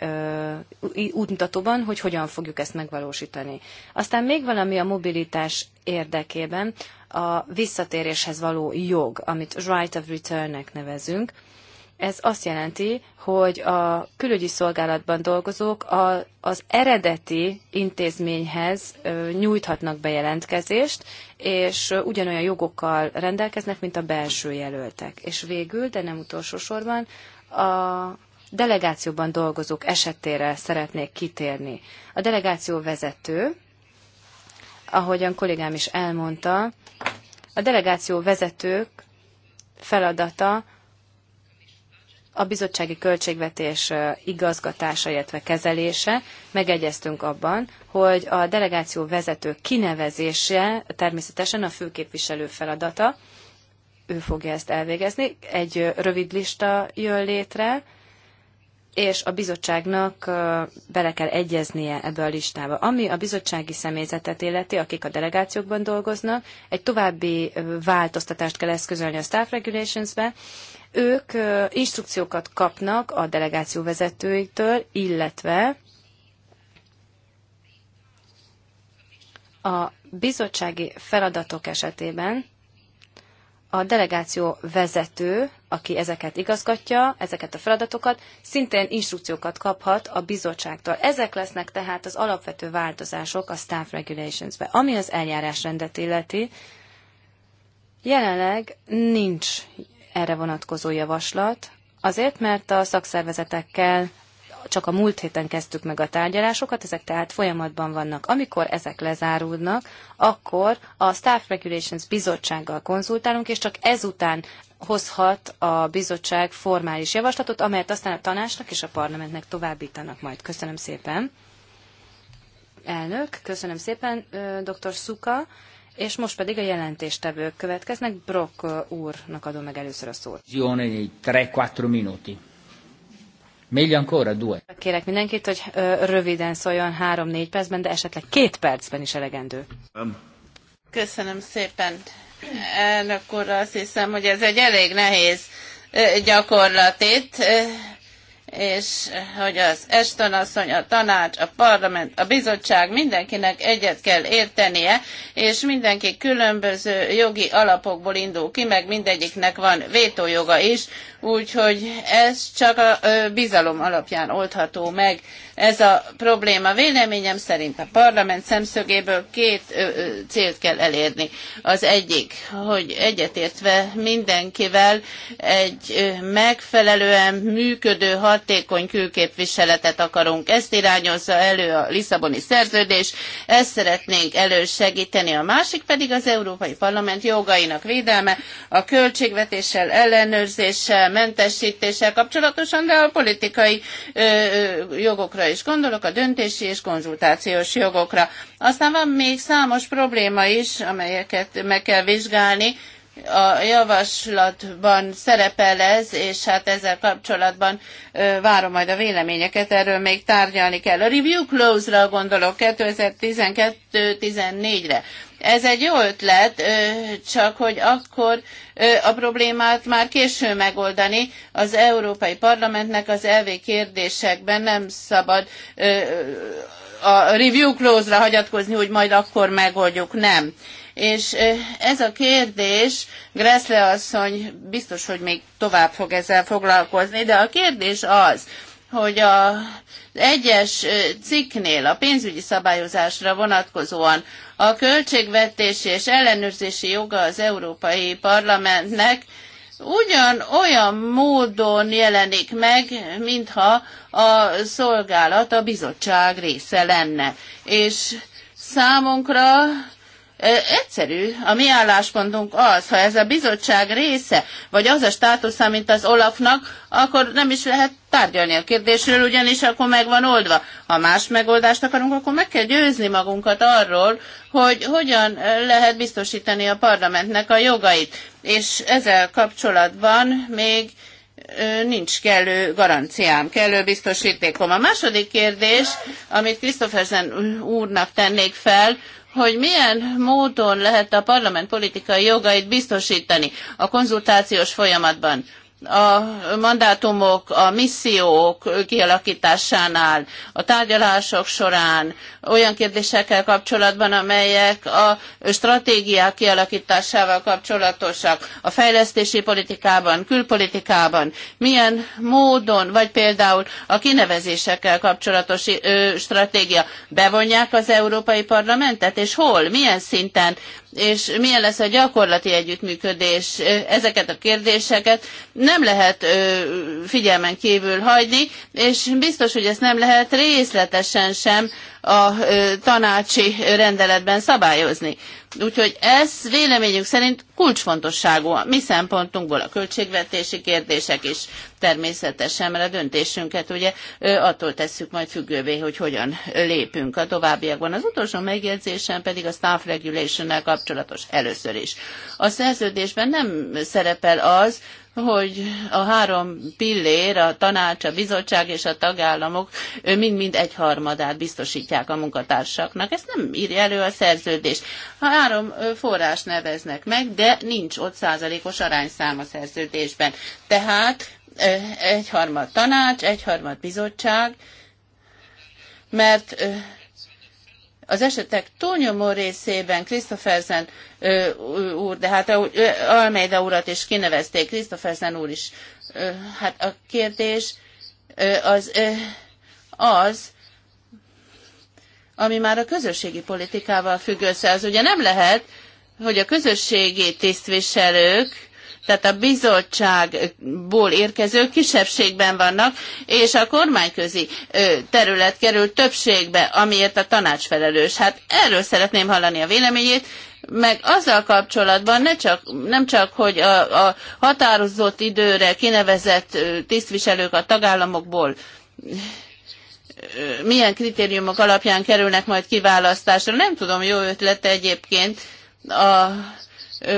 útmutatóban, hogy hogyan fogjuk ezt megvalósítani. Aztán még valami a mobilitás érdekében, a visszatéréshez való jog, amit right of returnnek nevezünk, ez azt jelenti, hogy a külügyi szolgálatban dolgozók a, az eredeti intézményhez nyújthatnak bejelentkezést, és ugyanolyan jogokkal rendelkeznek, mint a belső jelöltek. És végül, de nem utolsó sorban, a delegációban dolgozók esetére szeretnék kitérni. A delegáció vezető, ahogyan kollégám is elmondta, a delegáció vezetők feladata a bizottsági költségvetés igazgatása, illetve kezelése. Megegyeztünk abban, hogy a delegáció vezető kinevezése természetesen a főképviselő feladata, ő fogja ezt elvégezni. Egy rövid lista jön létre, és a bizottságnak bele kell egyeznie ebbe a listába. Ami a bizottsági személyzetet illeti, akik a delegációkban dolgoznak, egy további változtatást kell eszközölni a staff regulations-be, ők instrukciókat kapnak a delegáció vezetőiktől, illetve a bizottsági feladatok esetében a delegáció vezető, aki ezeket igazgatja, ezeket a feladatokat, szintén instrukciókat kaphat a bizottságtól. Ezek lesznek tehát az alapvető változások a staff regulations-be. Ami az eljárásrendet illeti, jelenleg nincs erre vonatkozó javaslat, azért, mert a szakszervezetekkel csak a múlt héten kezdtük meg a tárgyalásokat, ezek tehát folyamatban vannak. Amikor ezek lezárulnak, akkor a Staff Regulations bizottsággal konzultálunk, és csak ezután hozhat a bizottság formális javaslatot, amelyet aztán a tanácsnak és a parlamentnek továbbítanak majd. Köszönöm szépen. Elnök, köszönöm szépen, dr. Szuka. És most pedig a jelentéstevők következnek. Brock úrnak adom meg először a szót. 3-4 minuti. Meglio ancora due. Kérek mindenkit, hogy röviden szóljon 3-4 percben, de esetleg két percben is elegendő. Köszönöm szépen. Elnök úr, azt hiszem, hogy ez egy elég nehéz gyakorlat itt és hogy az Eston asszony, a tanács, a parlament, a bizottság mindenkinek egyet kell értenie, és mindenki különböző jogi alapokból indul ki, meg mindegyiknek van vétójoga is, úgyhogy ez csak a bizalom alapján oldható meg. Ez a probléma véleményem szerint a parlament szemszögéből két célt kell elérni. Az egyik, hogy egyetértve mindenkivel egy megfelelően működő hat hatékony külképviseletet akarunk. Ezt irányozza elő a Lisszaboni szerződés, ezt szeretnénk elősegíteni. A másik pedig az Európai Parlament jogainak védelme, a költségvetéssel, ellenőrzéssel, mentesítéssel kapcsolatosan, de a politikai ö, jogokra is gondolok, a döntési és konzultációs jogokra. Aztán van még számos probléma is, amelyeket meg kell vizsgálni, a javaslatban szerepel ez, és hát ezzel kapcsolatban ö, várom majd a véleményeket, erről még tárgyalni kell. A review close-ra gondolok 2012-14-re. Ez egy jó ötlet, csak hogy akkor a problémát már késő megoldani. Az Európai Parlamentnek az elvé kérdésekben nem szabad a review close-ra hagyatkozni, hogy majd akkor megoldjuk. Nem és ez a kérdés, Greszle asszony biztos, hogy még tovább fog ezzel foglalkozni, de a kérdés az, hogy a egyes cikknél a pénzügyi szabályozásra vonatkozóan a költségvetési és ellenőrzési joga az Európai Parlamentnek ugyan olyan módon jelenik meg, mintha a szolgálat a bizottság része lenne. És számunkra Egyszerű. A mi álláspontunk az, ha ez a bizottság része, vagy az a státusza, mint az Olafnak, akkor nem is lehet tárgyalni a kérdésről, ugyanis akkor meg van oldva. Ha más megoldást akarunk, akkor meg kell győzni magunkat arról, hogy hogyan lehet biztosítani a parlamentnek a jogait. És ezzel kapcsolatban még nincs kellő garanciám, kellő biztosítékom. A második kérdés, amit Christophersen úrnak tennék fel, hogy milyen módon lehet a parlament politikai jogait biztosítani a konzultációs folyamatban a mandátumok, a missziók kialakításánál, a tárgyalások során, olyan kérdésekkel kapcsolatban, amelyek a stratégiák kialakításával kapcsolatosak, a fejlesztési politikában, külpolitikában, milyen módon, vagy például a kinevezésekkel kapcsolatos stratégia, bevonják az Európai Parlamentet, és hol, milyen szinten és milyen lesz a gyakorlati együttműködés, ezeket a kérdéseket nem lehet figyelmen kívül hagyni, és biztos, hogy ezt nem lehet részletesen sem a tanácsi rendeletben szabályozni. Úgyhogy ez véleményünk szerint kulcsfontosságú a mi szempontunkból a költségvetési kérdések is természetesen, mert a döntésünket ugye attól tesszük majd függővé, hogy hogyan lépünk a továbbiakban. Az utolsó megjegyzésem pedig a staff regulation kapcsolatos először is. A szerződésben nem szerepel az, hogy a három pillér, a tanács, a bizottság és a tagállamok mind-mind egyharmadát biztosítják a munkatársaknak. Ezt nem írja elő a szerződés. Három forrás neveznek meg, de nincs ott százalékos arányszám a szerződésben. Tehát egyharmad tanács, egyharmad bizottság, mert az esetek túlnyomó részében Christophersen úr, de hát Almeida urat is kinevezték, Christophersen úr is. Hát a kérdés az az, ami már a közösségi politikával függ össze, az ugye nem lehet, hogy a közösségi tisztviselők tehát a bizottságból érkező kisebbségben vannak, és a kormányközi terület kerül többségbe, amiért a tanács felelős. Hát erről szeretném hallani a véleményét, meg azzal kapcsolatban ne csak, nem csak, hogy a, a határozott időre kinevezett tisztviselők a tagállamokból milyen kritériumok alapján kerülnek majd kiválasztásra. Nem tudom, jó ötlet egyébként a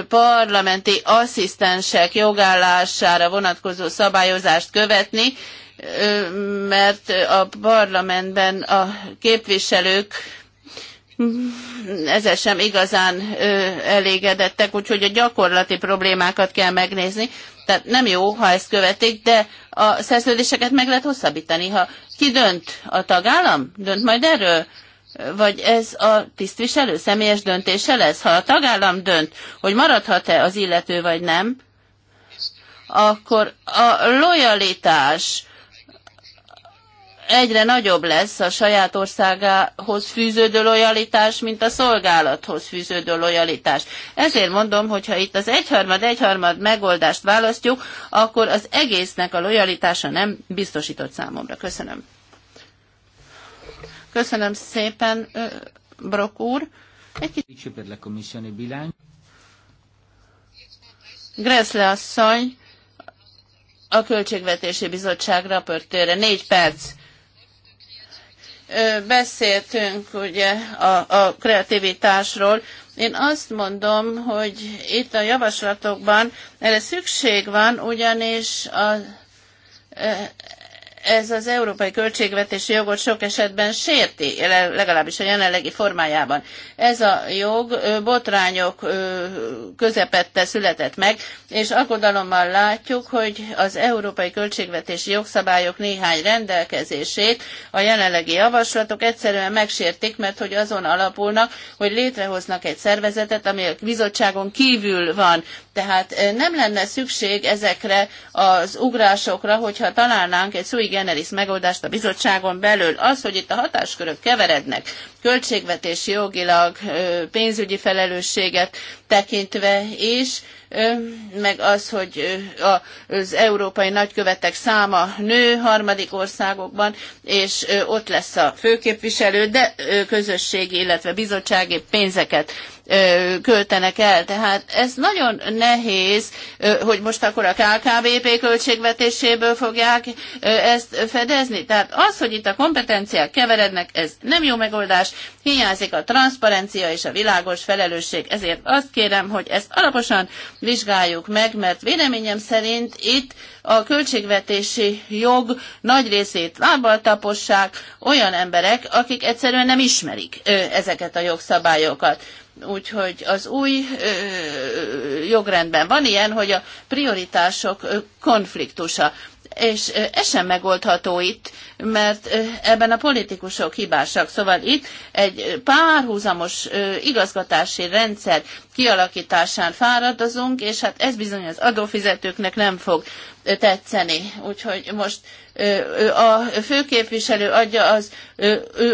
parlamenti asszisztensek jogállására vonatkozó szabályozást követni, mert a parlamentben a képviselők ezzel sem igazán elégedettek, úgyhogy a gyakorlati problémákat kell megnézni. Tehát nem jó, ha ezt követik, de a szerződéseket meg lehet hosszabbítani. Ha ki dönt? A tagállam? Dönt majd erről? vagy ez a tisztviselő személyes döntése lesz? Ha a tagállam dönt, hogy maradhat-e az illető vagy nem, akkor a lojalitás egyre nagyobb lesz a saját országához fűződő lojalitás, mint a szolgálathoz fűződő lojalitás. Ezért mondom, hogy ha itt az egyharmad-egyharmad megoldást választjuk, akkor az egésznek a lojalitása nem biztosított számomra. Köszönöm. Köszönöm szépen, Brok úr. Egy Gressle asszony, a Költségvetési Bizottság raportőre. Négy perc. Beszéltünk ugye a, a kreativitásról. Én azt mondom, hogy itt a javaslatokban erre szükség van, ugyanis a ez az európai költségvetési jogot sok esetben sérti, legalábbis a jelenlegi formájában. Ez a jog botrányok közepette született meg, és aggodalommal látjuk, hogy az európai költségvetési jogszabályok néhány rendelkezését a jelenlegi javaslatok egyszerűen megsértik, mert hogy azon alapulnak, hogy létrehoznak egy szervezetet, ami a bizottságon kívül van. Tehát nem lenne szükség ezekre az ugrásokra, hogyha találnánk egy sui generis megoldást a bizottságon belül. Az, hogy itt a hatáskörök keverednek, költségvetési jogilag, pénzügyi felelősséget tekintve is, meg az, hogy az európai nagykövetek száma nő harmadik országokban, és ott lesz a főképviselő, de közösségi, illetve bizottsági pénzeket költenek el. Tehát ez nagyon nehéz, hogy most akkor a KKBP költségvetéséből fogják ezt fedezni. Tehát az, hogy itt a kompetenciák keverednek, ez nem jó megoldás. Hiányzik a transzparencia és a világos felelősség. Ezért azt kérem, hogy ezt alaposan vizsgáljuk meg, mert véleményem szerint itt a költségvetési jog nagy részét lábbal tapossák olyan emberek, akik egyszerűen nem ismerik ezeket a jogszabályokat. Úgyhogy az új jogrendben van ilyen, hogy a prioritások konfliktusa és ez sem megoldható itt, mert ebben a politikusok hibásak. Szóval itt egy párhuzamos igazgatási rendszer kialakításán fáradozunk, és hát ez bizony az adófizetőknek nem fog tetszeni. Úgyhogy most a főképviselő adja az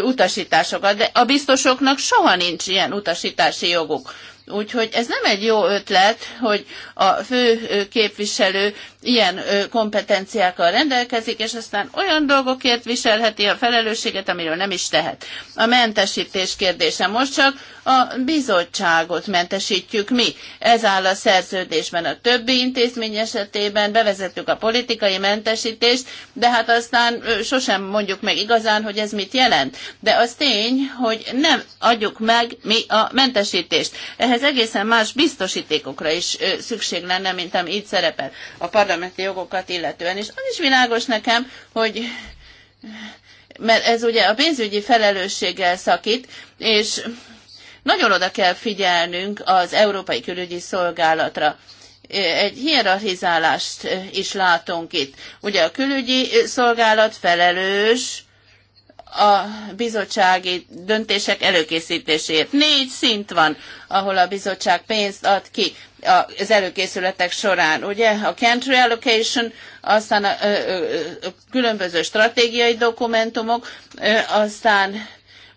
utasításokat, de a biztosoknak soha nincs ilyen utasítási joguk. Úgyhogy ez nem egy jó ötlet, hogy a fő képviselő ilyen kompetenciákkal rendelkezik, és aztán olyan dolgokért viselheti a felelősséget, amiről nem is tehet. A mentesítés kérdése most csak a bizottságot mentesítjük mi. Ez áll a szerződésben a többi intézmény esetében, bevezettük a politikai mentesítést, de hát aztán sosem mondjuk meg igazán, hogy ez mit jelent. De az tény, hogy nem adjuk meg mi a mentesítést. Ehhez egészen más biztosítékokra is szükség lenne, mint ami itt szerepel. A parlamenti jogokat illetően. És az is világos nekem, hogy mert ez ugye a pénzügyi felelősséggel szakít, és nagyon oda kell figyelnünk az Európai Külügyi Szolgálatra egy hierarchizálást is látunk itt. Ugye a külügyi szolgálat felelős a bizottsági döntések előkészítéséért. Négy szint van, ahol a bizottság pénzt ad ki az előkészületek során. Ugye a country allocation, aztán a, a, a, a különböző stratégiai dokumentumok, aztán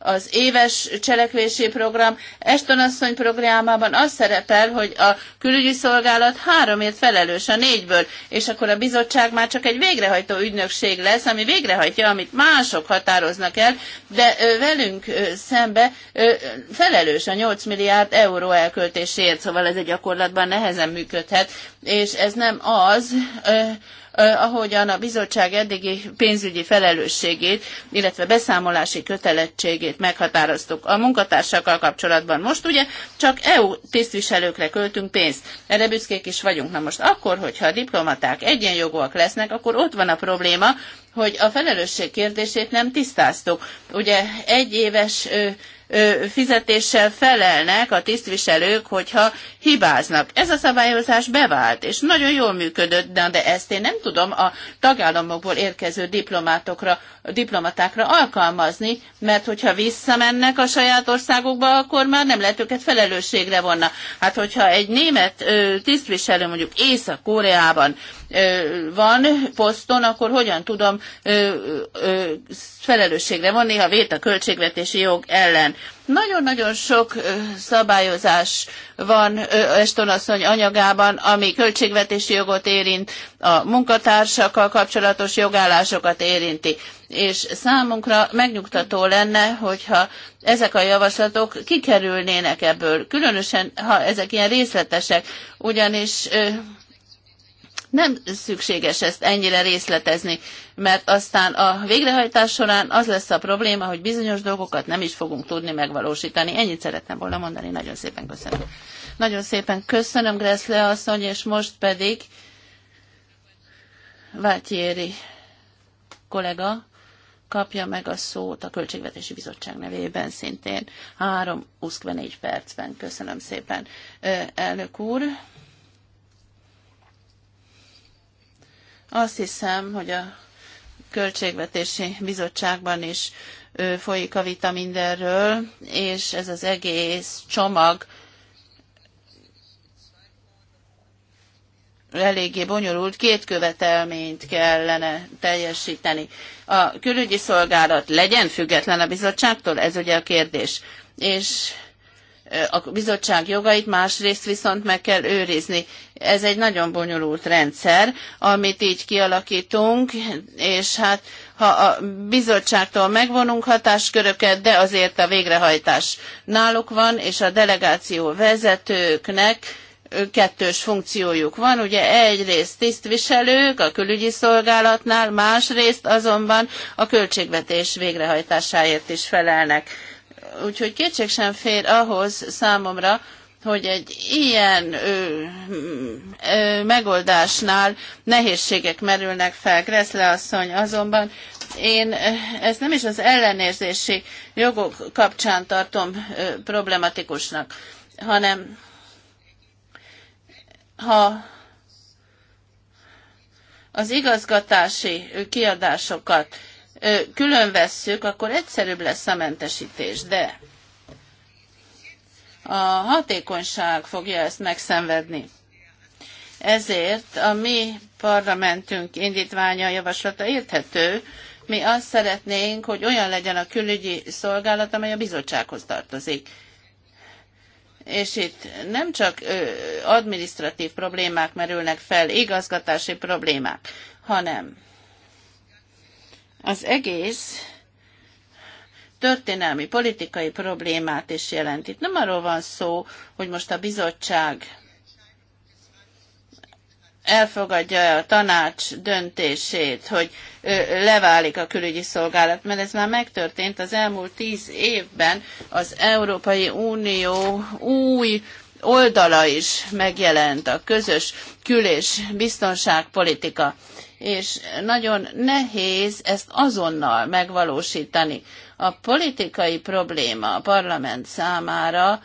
az éves cselekvési program. Eston asszony programjában az szerepel, hogy a külügyi szolgálat háromért felelős a négyből, és akkor a bizottság már csak egy végrehajtó ügynökség lesz, ami végrehajtja, amit mások határoznak el, de velünk szembe felelős a 8 milliárd euró elköltésért, szóval ez egy gyakorlatban nehezen működhet, és ez nem az, ahogyan a bizottság eddigi pénzügyi felelősségét, illetve beszámolási kötelezettségét meghatároztuk a munkatársakkal kapcsolatban. Most ugye csak EU tisztviselőkre költünk pénzt. Erre büszkék is vagyunk. Na most akkor, hogyha a diplomaták egyenjogúak lesznek, akkor ott van a probléma, hogy a felelősség kérdését nem tisztáztuk. Ugye egy éves fizetéssel felelnek a tisztviselők, hogyha hibáznak. Ez a szabályozás bevált, és nagyon jól működött, de ezt én nem tudom a tagállamokból érkező diplomátokra, diplomatákra alkalmazni, mert hogyha visszamennek a saját országukba, akkor már nem lehet őket felelősségre vonna. Hát hogyha egy német tisztviselő mondjuk Észak-Koreában van poszton, akkor hogyan tudom felelősségre vonni, ha vét a költségvetési jog ellen. Nagyon-nagyon sok szabályozás van Estonasszony anyagában, ami költségvetési jogot érint, a munkatársakkal kapcsolatos jogállásokat érinti. És számunkra megnyugtató lenne, hogyha ezek a javaslatok kikerülnének ebből, különösen ha ezek ilyen részletesek, ugyanis nem szükséges ezt ennyire részletezni, mert aztán a végrehajtás során az lesz a probléma, hogy bizonyos dolgokat nem is fogunk tudni megvalósítani. Ennyit szerettem volna mondani, nagyon szépen köszönöm. Nagyon szépen köszönöm, Greszle asszony, és most pedig Váltyéri kollega kapja meg a szót a Költségvetési Bizottság nevében szintén. 3 24 percben. Köszönöm szépen, elnök úr. Azt hiszem, hogy a Költségvetési Bizottságban is folyik a vita mindenről, és ez az egész csomag eléggé bonyolult, két követelményt kellene teljesíteni. A külügyi szolgálat legyen független a bizottságtól? Ez ugye a kérdés. És a bizottság jogait, másrészt viszont meg kell őrizni. Ez egy nagyon bonyolult rendszer, amit így kialakítunk, és hát ha a bizottságtól megvonunk hatásköröket, de azért a végrehajtás náluk van, és a delegáció vezetőknek kettős funkciójuk van, ugye egyrészt tisztviselők a külügyi szolgálatnál, másrészt azonban a költségvetés végrehajtásáért is felelnek Úgyhogy kétség sem fér ahhoz számomra, hogy egy ilyen ö, ö, megoldásnál nehézségek merülnek fel. Greszle asszony azonban én ezt nem is az ellenérzési jogok kapcsán tartom ö, problematikusnak, hanem ha az igazgatási kiadásokat külön vesszük, akkor egyszerűbb lesz a mentesítés, de a hatékonyság fogja ezt megszenvedni. Ezért a mi parlamentünk indítványa javaslata érthető, mi azt szeretnénk, hogy olyan legyen a külügyi szolgálat, amely a bizottsághoz tartozik. És itt nem csak ö, administratív problémák merülnek fel, igazgatási problémák, hanem az egész történelmi, politikai problémát is jelent. Itt nem arról van szó, hogy most a bizottság elfogadja a tanács döntését, hogy leválik a külügyi szolgálat, mert ez már megtörtént az elmúlt tíz évben az Európai Unió új oldala is megjelent, a közös kül- és biztonságpolitika és nagyon nehéz ezt azonnal megvalósítani. A politikai probléma a parlament számára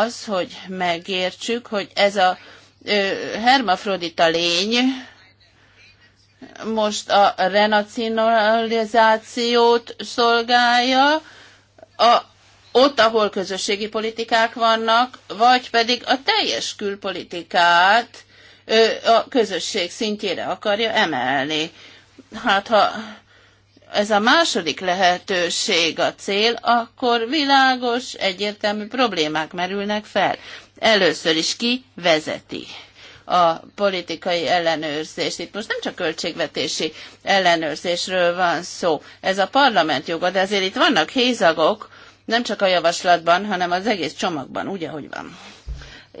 az, hogy megértsük, hogy ez a hermafrodita lény, most a renacionalizációt szolgálja, a, ott, ahol közösségi politikák vannak, vagy pedig a teljes külpolitikát, a közösség szintjére akarja emelni. Hát ha ez a második lehetőség a cél, akkor világos, egyértelmű problémák merülnek fel. Először is ki vezeti a politikai ellenőrzést. Itt most nem csak költségvetési ellenőrzésről van szó. Ez a parlament joga, de azért itt vannak hézagok, nem csak a javaslatban, hanem az egész csomagban, úgy, ahogy van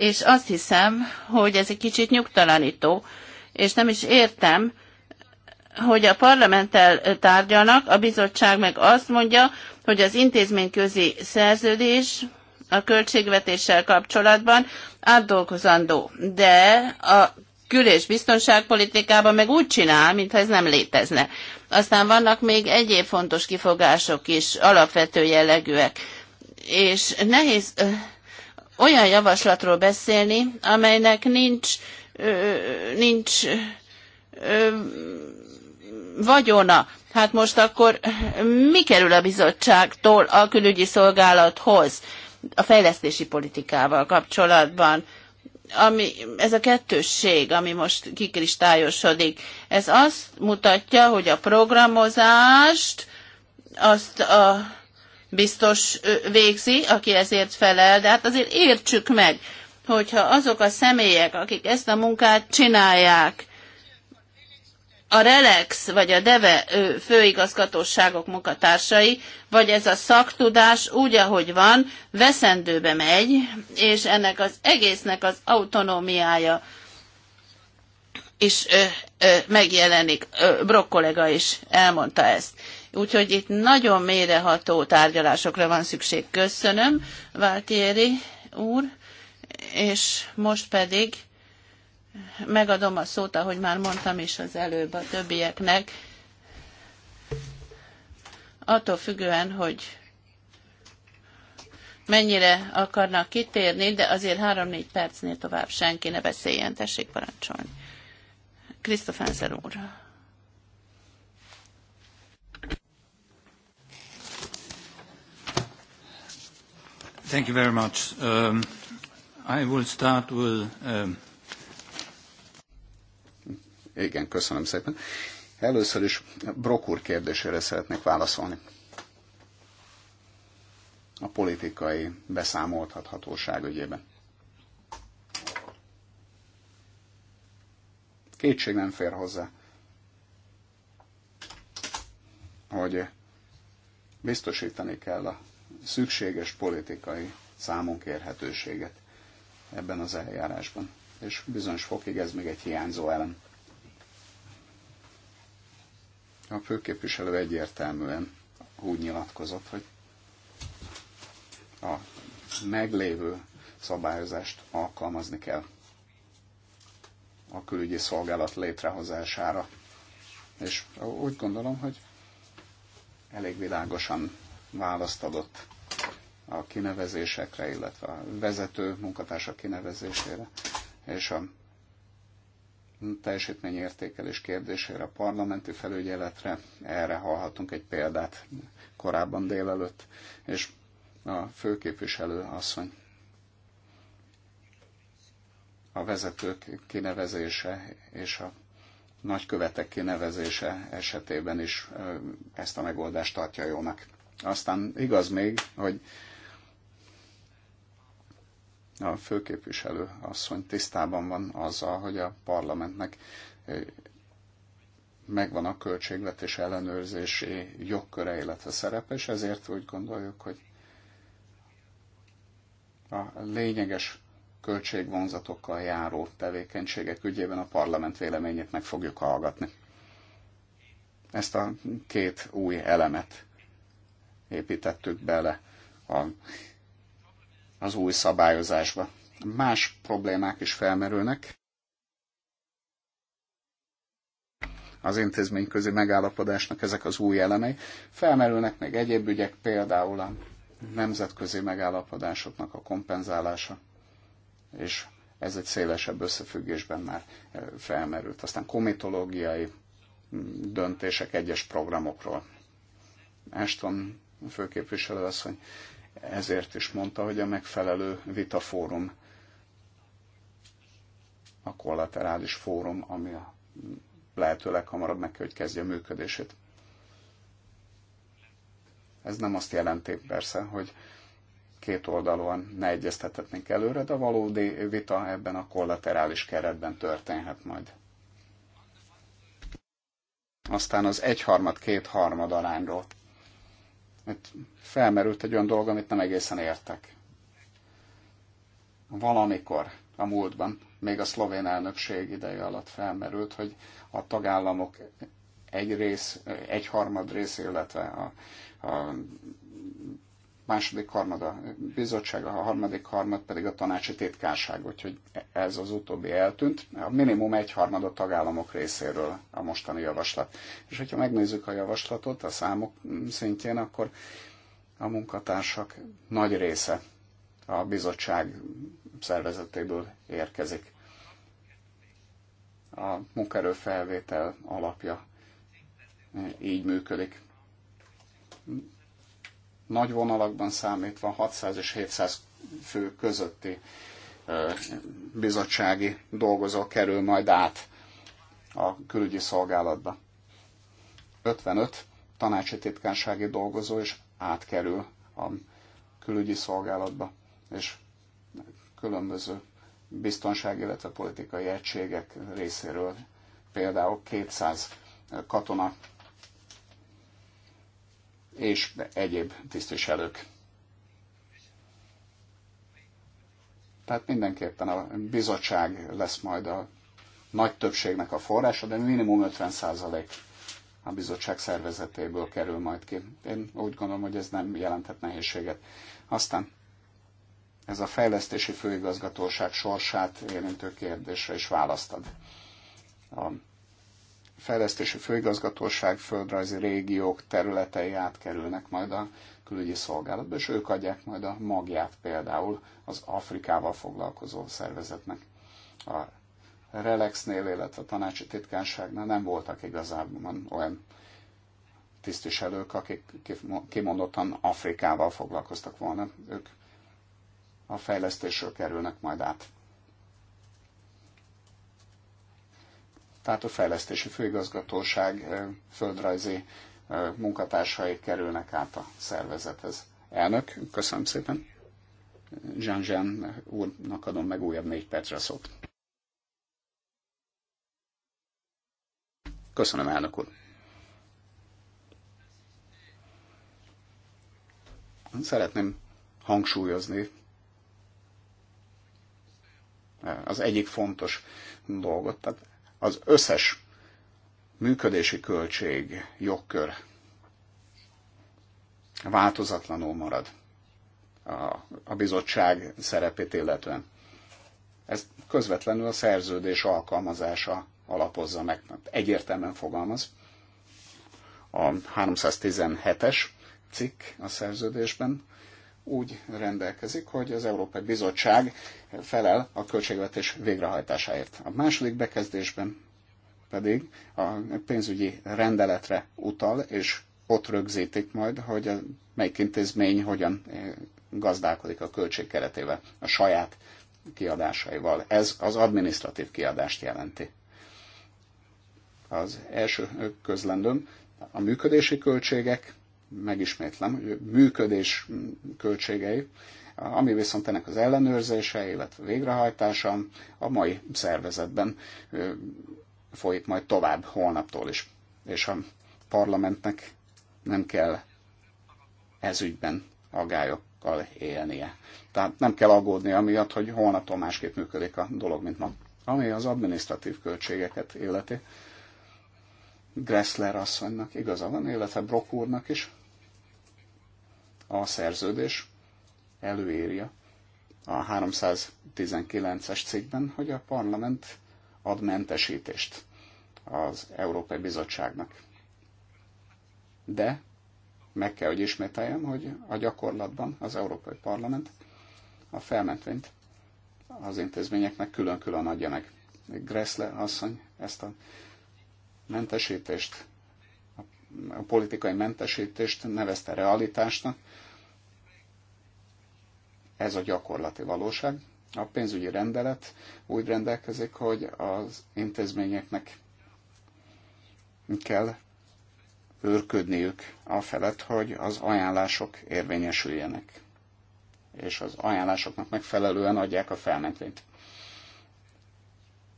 és azt hiszem, hogy ez egy kicsit nyugtalanító, és nem is értem, hogy a parlamenttel tárgyalnak, a bizottság meg azt mondja, hogy az intézményközi szerződés a költségvetéssel kapcsolatban átdolgozandó, de a kül- és biztonságpolitikában meg úgy csinál, mintha ez nem létezne. Aztán vannak még egyéb fontos kifogások is, alapvető jellegűek, és nehéz olyan javaslatról beszélni, amelynek nincs, nincs vagyona. Hát most akkor mi kerül a bizottságtól a külügyi szolgálathoz a fejlesztési politikával kapcsolatban? ami, ez a kettősség, ami most kikristályosodik, ez azt mutatja, hogy a programozást azt a biztos végzi, aki ezért felel, de hát azért értsük meg, hogyha azok a személyek, akik ezt a munkát csinálják, a Relex vagy a DEVE főigazgatóságok munkatársai, vagy ez a szaktudás úgy, ahogy van, veszendőbe megy, és ennek az egésznek az autonómiája is ö, ö, megjelenik. Ö, kollega is elmondta ezt. Úgyhogy itt nagyon méreható tárgyalásokra van szükség. Köszönöm, Váltieri úr, és most pedig megadom a szót, ahogy már mondtam is az előbb a többieknek, attól függően, hogy mennyire akarnak kitérni, de azért három-négy percnél tovább senki ne beszéljen, tessék parancsolni. Krisztofánzer úr. Thank you very much. Um, I will start with... Um... Igen, köszönöm szépen. Először is Brok úr kérdésére szeretnék válaszolni. A politikai beszámoltathatóság ügyében. Kétség nem fér hozzá, hogy biztosítani kell a szükséges politikai számunkérhetőséget ebben az eljárásban. És bizonyos fokig ez még egy hiányzó elem. A főképviselő egyértelműen úgy nyilatkozott, hogy a meglévő szabályozást alkalmazni kell a külügyi szolgálat létrehozására. És úgy gondolom, hogy elég világosan választ adott a kinevezésekre, illetve a vezető munkatársak kinevezésére, és a teljesítményértékelés kérdésére, a parlamenti felügyeletre, erre hallhatunk egy példát korábban délelőtt, és a főképviselő asszony a vezetők kinevezése és a nagykövetek kinevezése esetében is ezt a megoldást tartja jónak. Aztán igaz még, hogy a főképviselő asszony tisztában van azzal, hogy a parlamentnek megvan a költségvetés ellenőrzési jogköre, illetve szerepe, és ezért úgy gondoljuk, hogy a lényeges költségvonzatokkal járó tevékenységek ügyében a parlament véleményét meg fogjuk hallgatni. Ezt a két új elemet építettük bele a, az új szabályozásba. Más problémák is felmerülnek. az intézményközi megállapodásnak ezek az új elemei. Felmerülnek még egyéb ügyek, például a nemzetközi megállapodásoknak a kompenzálása, és ez egy szélesebb összefüggésben már felmerült. Aztán komitológiai döntések egyes programokról. Ashton főképviselő asszony ezért is mondta, hogy a megfelelő vitafórum, a kollaterális fórum, ami a lehető leghamarabb meg kell, hogy kezdje a működését. Ez nem azt jelenti persze, hogy két oldalon ne egyeztethetnénk előre, de valódi vita ebben a kollaterális keretben történhet majd. Aztán az egyharmad-kétharmad arányról mert felmerült egy olyan dolog, amit nem egészen értek. Valamikor a múltban, még a szlovén elnökség ideje alatt felmerült, hogy a tagállamok egy rész, egy harmad rész, illetve a, a második harmada a bizottság, a harmadik harmad pedig a tanácsi titkárság, úgyhogy ez az utóbbi eltűnt. A minimum egyharmad a tagállamok részéről a mostani javaslat. És hogyha megnézzük a javaslatot a számok szintjén, akkor a munkatársak nagy része a bizottság szervezetéből érkezik. A munkerőfelvétel alapja így működik nagy vonalakban számítva 600 és 700 fő közötti bizottsági dolgozó kerül majd át a külügyi szolgálatba. 55 tanácsi titkársági dolgozó is átkerül a külügyi szolgálatba, és különböző biztonsági illetve politikai egységek részéről például 200 katona és egyéb tisztviselők. Tehát mindenképpen a bizottság lesz majd a nagy többségnek a forrása, de minimum 50% a bizottság szervezetéből kerül majd ki. Én úgy gondolom, hogy ez nem jelentett nehézséget. Aztán ez a fejlesztési főigazgatóság sorsát érintő kérdésre is választad. A fejlesztési főigazgatóság földrajzi régiók területei átkerülnek majd a külügyi szolgálatba, és ők adják majd a magját például az Afrikával foglalkozó szervezetnek. A Relexnél, illetve a tanácsi titkárságnál nem voltak igazából olyan tisztviselők, akik kimondottan Afrikával foglalkoztak volna. Ők a fejlesztésről kerülnek majd át. tehát a fejlesztési főigazgatóság földrajzi munkatársai kerülnek át a szervezethez. Elnök, köszönöm szépen. Jean Jean úrnak adom meg újabb négy percre szót. Köszönöm, elnök úr. Szeretném hangsúlyozni az egyik fontos dolgot. Tehát az összes működési költség, jogkör változatlanul marad a, a bizottság szerepét illetően. Ezt közvetlenül a szerződés alkalmazása alapozza meg. Egyértelműen fogalmaz. A 317-es cikk a szerződésben úgy rendelkezik, hogy az Európai Bizottság felel a költségvetés végrehajtásáért. A második bekezdésben pedig a pénzügyi rendeletre utal, és ott rögzítik majd, hogy a, melyik intézmény hogyan eh, gazdálkodik a költség keretével, a saját kiadásaival. Ez az administratív kiadást jelenti. Az első közlendőm a működési költségek megismétlem, hogy működés költségei, ami viszont ennek az ellenőrzése, illetve végrehajtása a mai szervezetben folyik majd tovább holnaptól is. És a parlamentnek nem kell ezügyben agályokkal élnie. Tehát nem kell aggódni amiatt, hogy holnaptól másképp működik a dolog, mint ma. Ami az administratív költségeket illeti, Gressler asszonynak igaza van, illetve Brock úrnak is, a szerződés előírja a 319-es cikkben, hogy a parlament ad mentesítést az Európai Bizottságnak. De meg kell, hogy ismételjem, hogy a gyakorlatban az Európai Parlament a felmentvényt az intézményeknek külön-külön adja meg. Gressle asszony ezt a mentesítést a politikai mentesítést nevezte realitásnak. Ez a gyakorlati valóság. A pénzügyi rendelet úgy rendelkezik, hogy az intézményeknek kell őrködniük a felett, hogy az ajánlások érvényesüljenek, és az ajánlásoknak megfelelően adják a felmentvényt.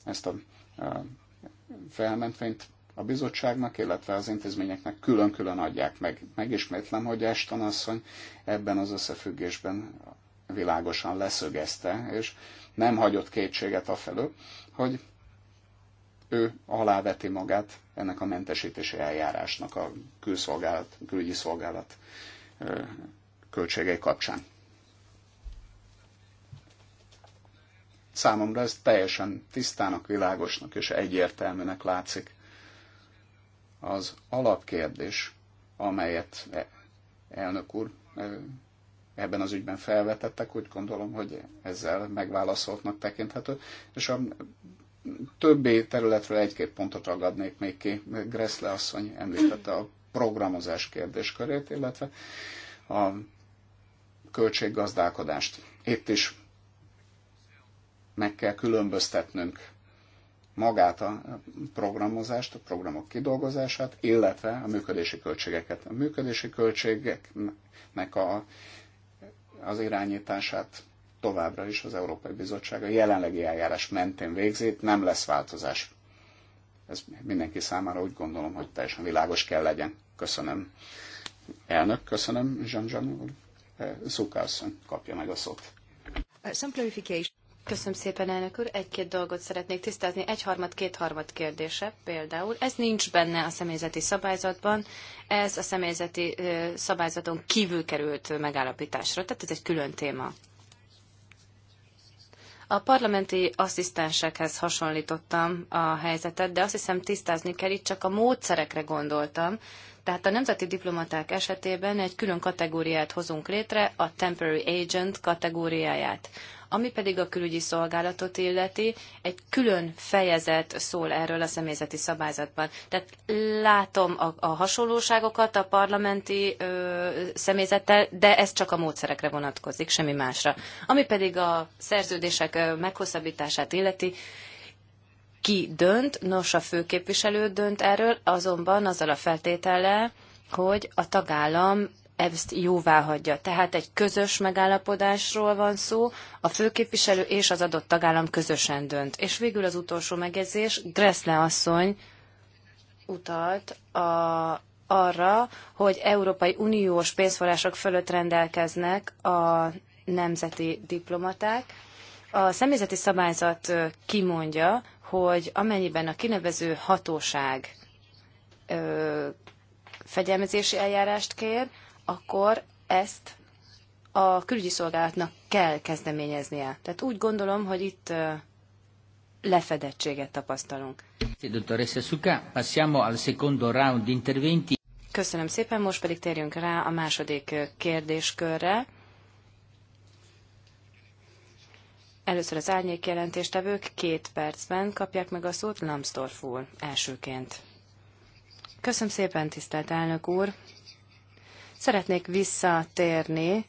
Ezt a felmentvényt a bizottságnak, illetve az intézményeknek külön-külön adják meg. Megismétlem, hogy Ashton asszony ebben az összefüggésben világosan leszögezte, és nem hagyott kétséget afelől, hogy ő aláveti magát ennek a mentesítési eljárásnak a külszolgálat, külügyi szolgálat költségei kapcsán. Számomra ez teljesen tisztának, világosnak és egyértelműnek látszik. Az alapkérdés, amelyet e, elnök úr e, ebben az ügyben felvetettek, úgy gondolom, hogy ezzel megválaszoltnak tekinthető. És a többi területről egy-két pontot ragadnék még ki. Greszle asszony említette a programozás kérdéskörét, illetve a költséggazdálkodást. Itt is meg kell különböztetnünk magát a programozást, a programok kidolgozását, illetve a működési költségeket. A működési költségeknek a, az irányítását továbbra is az Európai Bizottság a jelenlegi eljárás mentén végzi, nem lesz változás. Ez mindenki számára úgy gondolom, hogy teljesen világos kell legyen. Köszönöm. Elnök, köszönöm, Zsanzsan úr. Eh, Szukászön kapja meg a szót. Uh, some clarification. Köszönöm szépen, elnök úr. Egy-két dolgot szeretnék tisztázni. Egyharmad, kétharmad kérdése például. Ez nincs benne a személyzeti szabályzatban. Ez a személyzeti szabályzaton kívül került megállapításra. Tehát ez egy külön téma. A parlamenti asszisztensekhez hasonlítottam a helyzetet, de azt hiszem tisztázni kell, itt csak a módszerekre gondoltam. Tehát a nemzeti diplomaták esetében egy külön kategóriát hozunk létre, a temporary agent kategóriáját. Ami pedig a külügyi szolgálatot illeti, egy külön fejezet szól erről a személyzeti szabályzatban. Tehát látom a, a hasonlóságokat a parlamenti ö, személyzettel, de ez csak a módszerekre vonatkozik, semmi másra. Ami pedig a szerződések ö, meghosszabbítását illeti, ki dönt, nos a főképviselő dönt erről, azonban azzal a feltétele, hogy a tagállam ezt jóvá hagyja. Tehát egy közös megállapodásról van szó, a főképviselő és az adott tagállam közösen dönt. És végül az utolsó megjegyzés, Dressle asszony utalt a, arra, hogy Európai Uniós pénzforrások fölött rendelkeznek a nemzeti diplomaták. A személyzeti szabályzat kimondja, hogy amennyiben a kinevező hatóság ö, fegyelmezési eljárást kér, akkor ezt a külügyi szolgálatnak kell kezdeményeznie. Tehát úgy gondolom, hogy itt lefedettséget tapasztalunk. Köszönöm szépen, most pedig térjünk rá a második kérdéskörre. Először az árnyék jelentéstevők két percben kapják meg a szót Lambsdorff úr elsőként. Köszönöm szépen, tisztelt elnök úr! Szeretnék visszatérni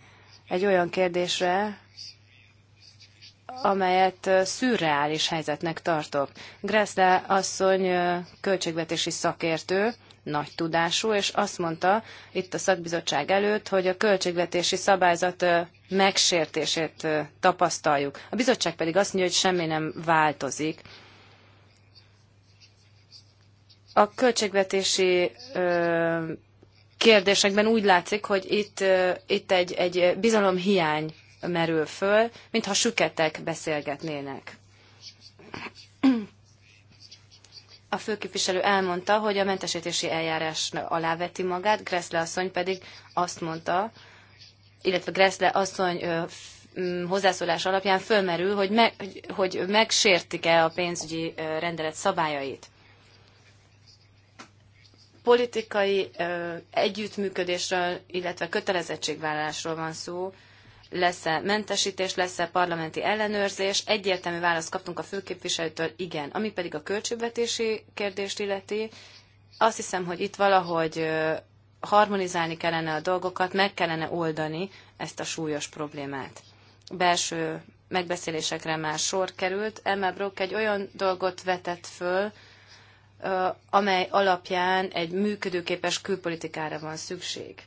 egy olyan kérdésre, amelyet szürreális helyzetnek tartok. Gressle asszony költségvetési szakértő, nagy tudású, és azt mondta itt a szakbizottság előtt, hogy a költségvetési szabályzat megsértését tapasztaljuk. A bizottság pedig azt mondja, hogy semmi nem változik. A költségvetési kérdésekben úgy látszik, hogy itt, itt egy, egy bizalomhiány merül föl, mintha süketek beszélgetnének. A főképviselő elmondta, hogy a mentesítési eljárás aláveti magát, Gressle asszony pedig azt mondta, illetve Gressle asszony hozzászólás alapján fölmerül, hogy, meg, hogy megsértik-e a pénzügyi rendelet szabályait politikai együttműködésről, illetve kötelezettségvállalásról van szó, lesz-e mentesítés, lesz-e parlamenti ellenőrzés. Egyértelmű választ kaptunk a főképviselőtől, igen. Ami pedig a költségvetési kérdést illeti, azt hiszem, hogy itt valahogy harmonizálni kellene a dolgokat, meg kellene oldani ezt a súlyos problémát. Belső megbeszélésekre már sor került. Emma Brock egy olyan dolgot vetett föl, amely alapján egy működőképes külpolitikára van szükség.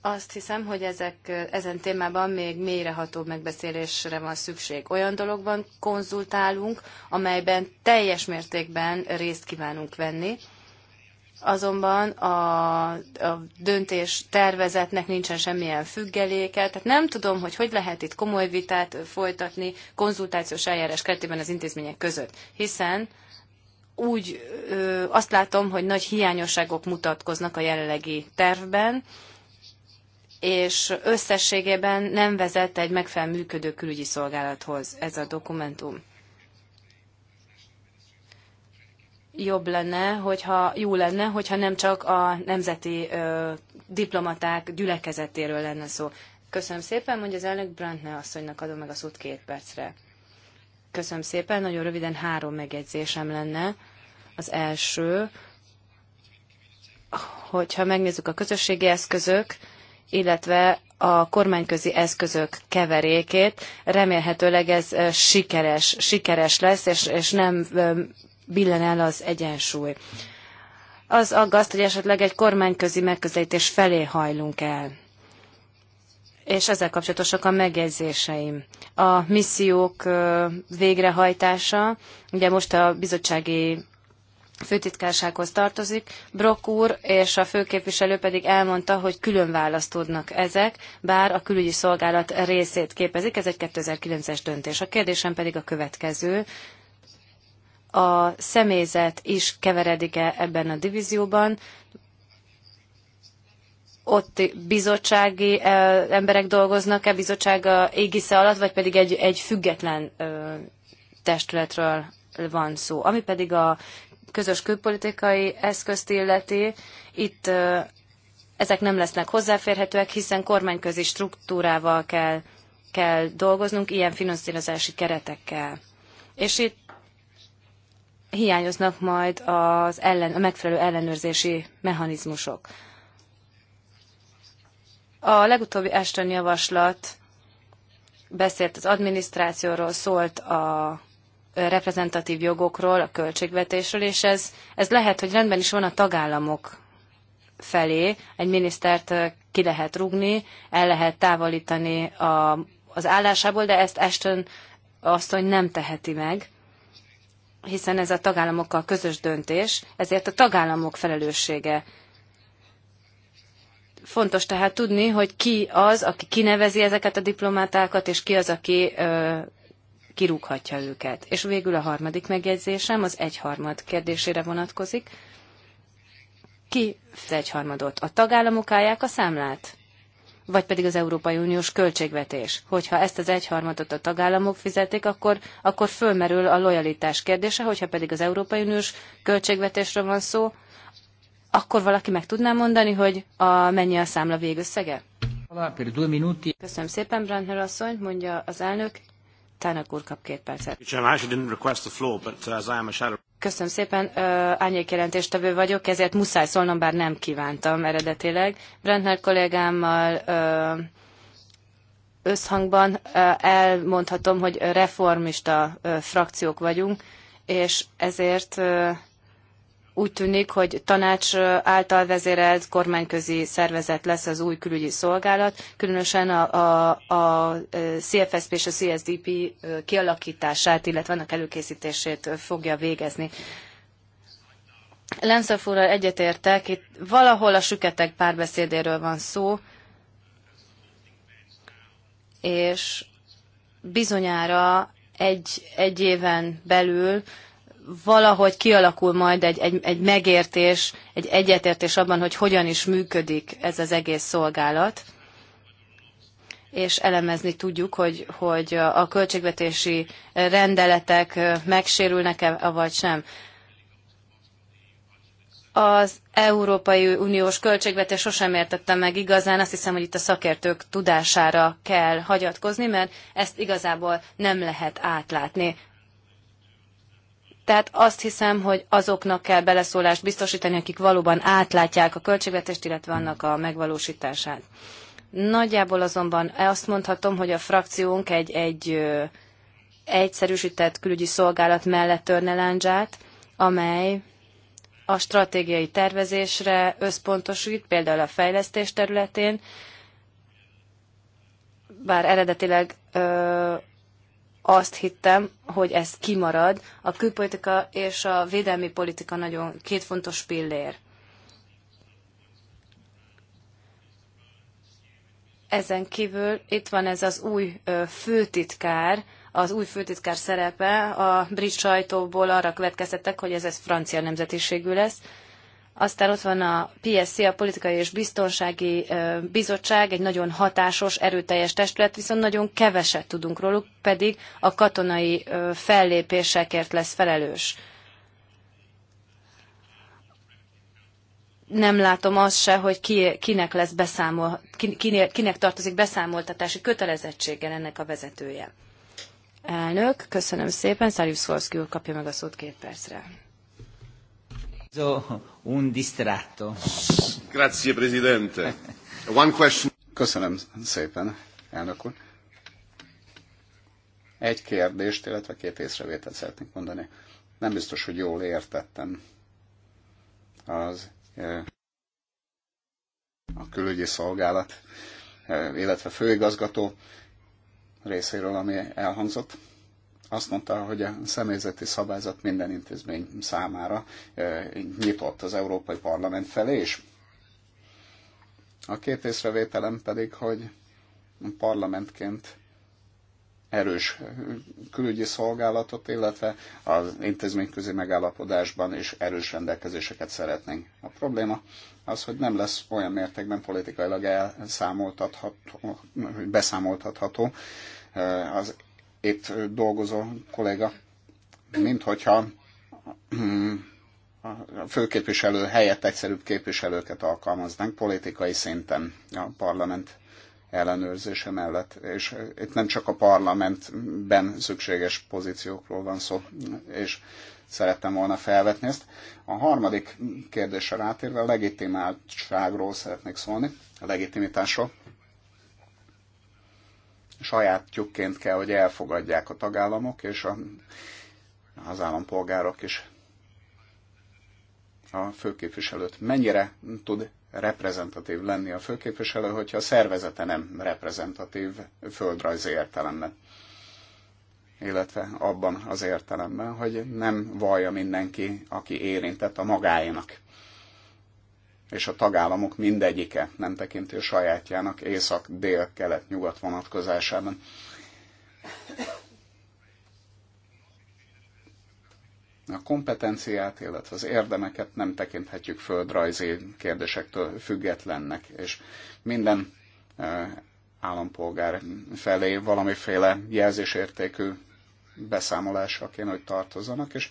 Azt hiszem, hogy ezek, ezen témában még mélyrehatóbb megbeszélésre van szükség. Olyan dologban konzultálunk, amelyben teljes mértékben részt kívánunk venni, azonban a, a döntés tervezetnek nincsen semmilyen függeléke, tehát nem tudom, hogy hogy lehet itt komoly vitát folytatni konzultációs eljárás keretében az intézmények között, hiszen úgy ö, azt látom, hogy nagy hiányosságok mutatkoznak a jelenlegi tervben, és összességében nem vezet egy megfelelő működő külügyi szolgálathoz ez a dokumentum. jobb lenne, hogyha jó lenne, hogyha nem csak a nemzeti ö, diplomaták gyülekezetéről lenne szó. Köszönöm szépen, mondja az elnök Brandner asszonynak adom meg a szót két percre. Köszönöm szépen, nagyon röviden három megjegyzésem lenne. Az első, hogyha megnézzük a közösségi eszközök, illetve a kormányközi eszközök keverékét. Remélhetőleg ez sikeres, sikeres lesz, és, és nem billen el az egyensúly. Az aggaszt, hogy esetleg egy kormányközi megközelítés felé hajlunk el. És ezzel kapcsolatosak a megjegyzéseim. A missziók végrehajtása, ugye most a bizottsági főtitkársághoz tartozik. Brock úr és a főképviselő pedig elmondta, hogy külön választódnak ezek, bár a külügyi szolgálat részét képezik. Ez egy 2009-es döntés. A kérdésem pedig a következő a személyzet is keveredik-e ebben a divízióban, ott bizottsági e, emberek dolgoznak-e bizottsága égisze alatt, vagy pedig egy, egy független testületről van szó. Ami pedig a közös külpolitikai eszközt illeti, itt ezek nem lesznek hozzáférhetőek, hiszen kormányközi struktúrával kell, kell dolgoznunk, ilyen finanszírozási keretekkel. És itt hiányoznak majd az ellen, a megfelelő ellenőrzési mechanizmusok. A legutóbbi Ashton javaslat beszélt az adminisztrációról, szólt a reprezentatív jogokról, a költségvetésről, és ez, ez lehet, hogy rendben is van a tagállamok felé. Egy minisztert ki lehet rugni, el lehet távolítani a, az állásából, de ezt Ashton hogy nem teheti meg hiszen ez a tagállamokkal közös döntés, ezért a tagállamok felelőssége. Fontos tehát tudni, hogy ki az, aki kinevezi ezeket a diplomátákat, és ki az, aki ö, kirúghatja őket. És végül a harmadik megjegyzésem az egyharmad kérdésére vonatkozik. Ki az egyharmadot? A tagállamok állják a számlát? vagy pedig az Európai Uniós költségvetés. Hogyha ezt az egyharmadot a tagállamok fizetik, akkor, akkor fölmerül a lojalitás kérdése, hogyha pedig az Európai Uniós költségvetésről van szó, akkor valaki meg tudná mondani, hogy a, mennyi a számla végösszege? Köszönöm szépen, Brandner asszony, mondja az elnök. Tának úr kap két percet. Köszönöm szépen, jelentéstevő vagyok, ezért muszáj szólnom, bár nem kívántam eredetileg. Brentner kollégámmal uh, összhangban elmondhatom, hogy reformista frakciók vagyunk, és ezért úgy tűnik, hogy tanács által vezérelt kormányközi szervezet lesz az új külügyi szolgálat, különösen a, a, a CFSP és a CSDP kialakítását, illetve annak előkészítését fogja végezni. Lenszafúrral egyetértek, itt valahol a süketek párbeszédéről van szó, és bizonyára egy, egy éven belül uh, valahogy kialakul majd egy, egy, egy megértés, egy egyetértés abban, hogy hogyan is működik ez az egész szolgálat, és elemezni tudjuk, hogy, hogy a költségvetési rendeletek megsérülnek-e, vagy sem. Az Európai Uniós költségvetés sosem értettem meg igazán, azt hiszem, hogy itt a szakértők tudására kell hagyatkozni, mert ezt igazából nem lehet átlátni tehát azt hiszem, hogy azoknak kell beleszólást biztosítani, akik valóban átlátják a költségvetést, illetve annak a megvalósítását. Nagyjából azonban azt mondhatom, hogy a frakciónk egy, egy egyszerűsített külügyi szolgálat mellett törne láncsát, amely a stratégiai tervezésre összpontosít, például a fejlesztés területén, bár eredetileg ö, azt hittem, hogy ez kimarad. A külpolitika és a védelmi politika nagyon két fontos pillér. Ezen kívül itt van ez az új főtitkár, az új főtitkár szerepe. A brit sajtóból arra következtettek, hogy ez, ez francia nemzetiségű lesz. Aztán ott van a PSC, a Politikai és Biztonsági Bizottság, egy nagyon hatásos, erőteljes testület, viszont nagyon keveset tudunk róluk, pedig a katonai fellépésekért lesz felelős. nem látom azt se, hogy ki, kinek, lesz beszámol, kinek, kinek tartozik beszámoltatási kötelezettséggel ennek a vezetője. Elnök, köszönöm szépen. Szárjusz Horszki úr kapja meg a szót két percre. Grazie, Presidente. One question. Köszönöm szépen, elnök úr. Egy kérdést, illetve két észrevételt szeretnék mondani. Nem biztos, hogy jól értettem az a külügyi szolgálat, illetve főigazgató részéről, ami elhangzott azt mondta, hogy a személyzeti szabályzat minden intézmény számára e, nyitott az Európai Parlament felé is. A két észrevételem pedig, hogy parlamentként erős külügyi szolgálatot, illetve az intézményközi megállapodásban is erős rendelkezéseket szeretnénk. A probléma az, hogy nem lesz olyan mértékben politikailag elszámoltatható, beszámoltatható e, az itt dolgozó kolléga, mint hogyha mm, a főképviselő helyett egyszerűbb képviselőket alkalmaznánk politikai szinten a parlament ellenőrzése mellett. És itt nem csak a parlamentben szükséges pozíciókról van szó, és szerettem volna felvetni ezt. A harmadik kérdésre rátérve a legitimáltságról szeretnék szólni, a legitimitásról sajátjukként kell, hogy elfogadják a tagállamok és a, az állampolgárok is a főképviselőt. Mennyire tud reprezentatív lenni a főképviselő, hogyha a szervezete nem reprezentatív földrajzi értelemben. Illetve abban az értelemben, hogy nem vallja mindenki, aki érintett a magáénak és a tagállamok mindegyike nem tekintő sajátjának észak-dél-kelet-nyugat vonatkozásában. A kompetenciát, illetve az érdemeket nem tekinthetjük földrajzi kérdésektől függetlennek, és minden állampolgár felé valamiféle jelzésértékű beszámolásra kéne, hogy tartozzanak, és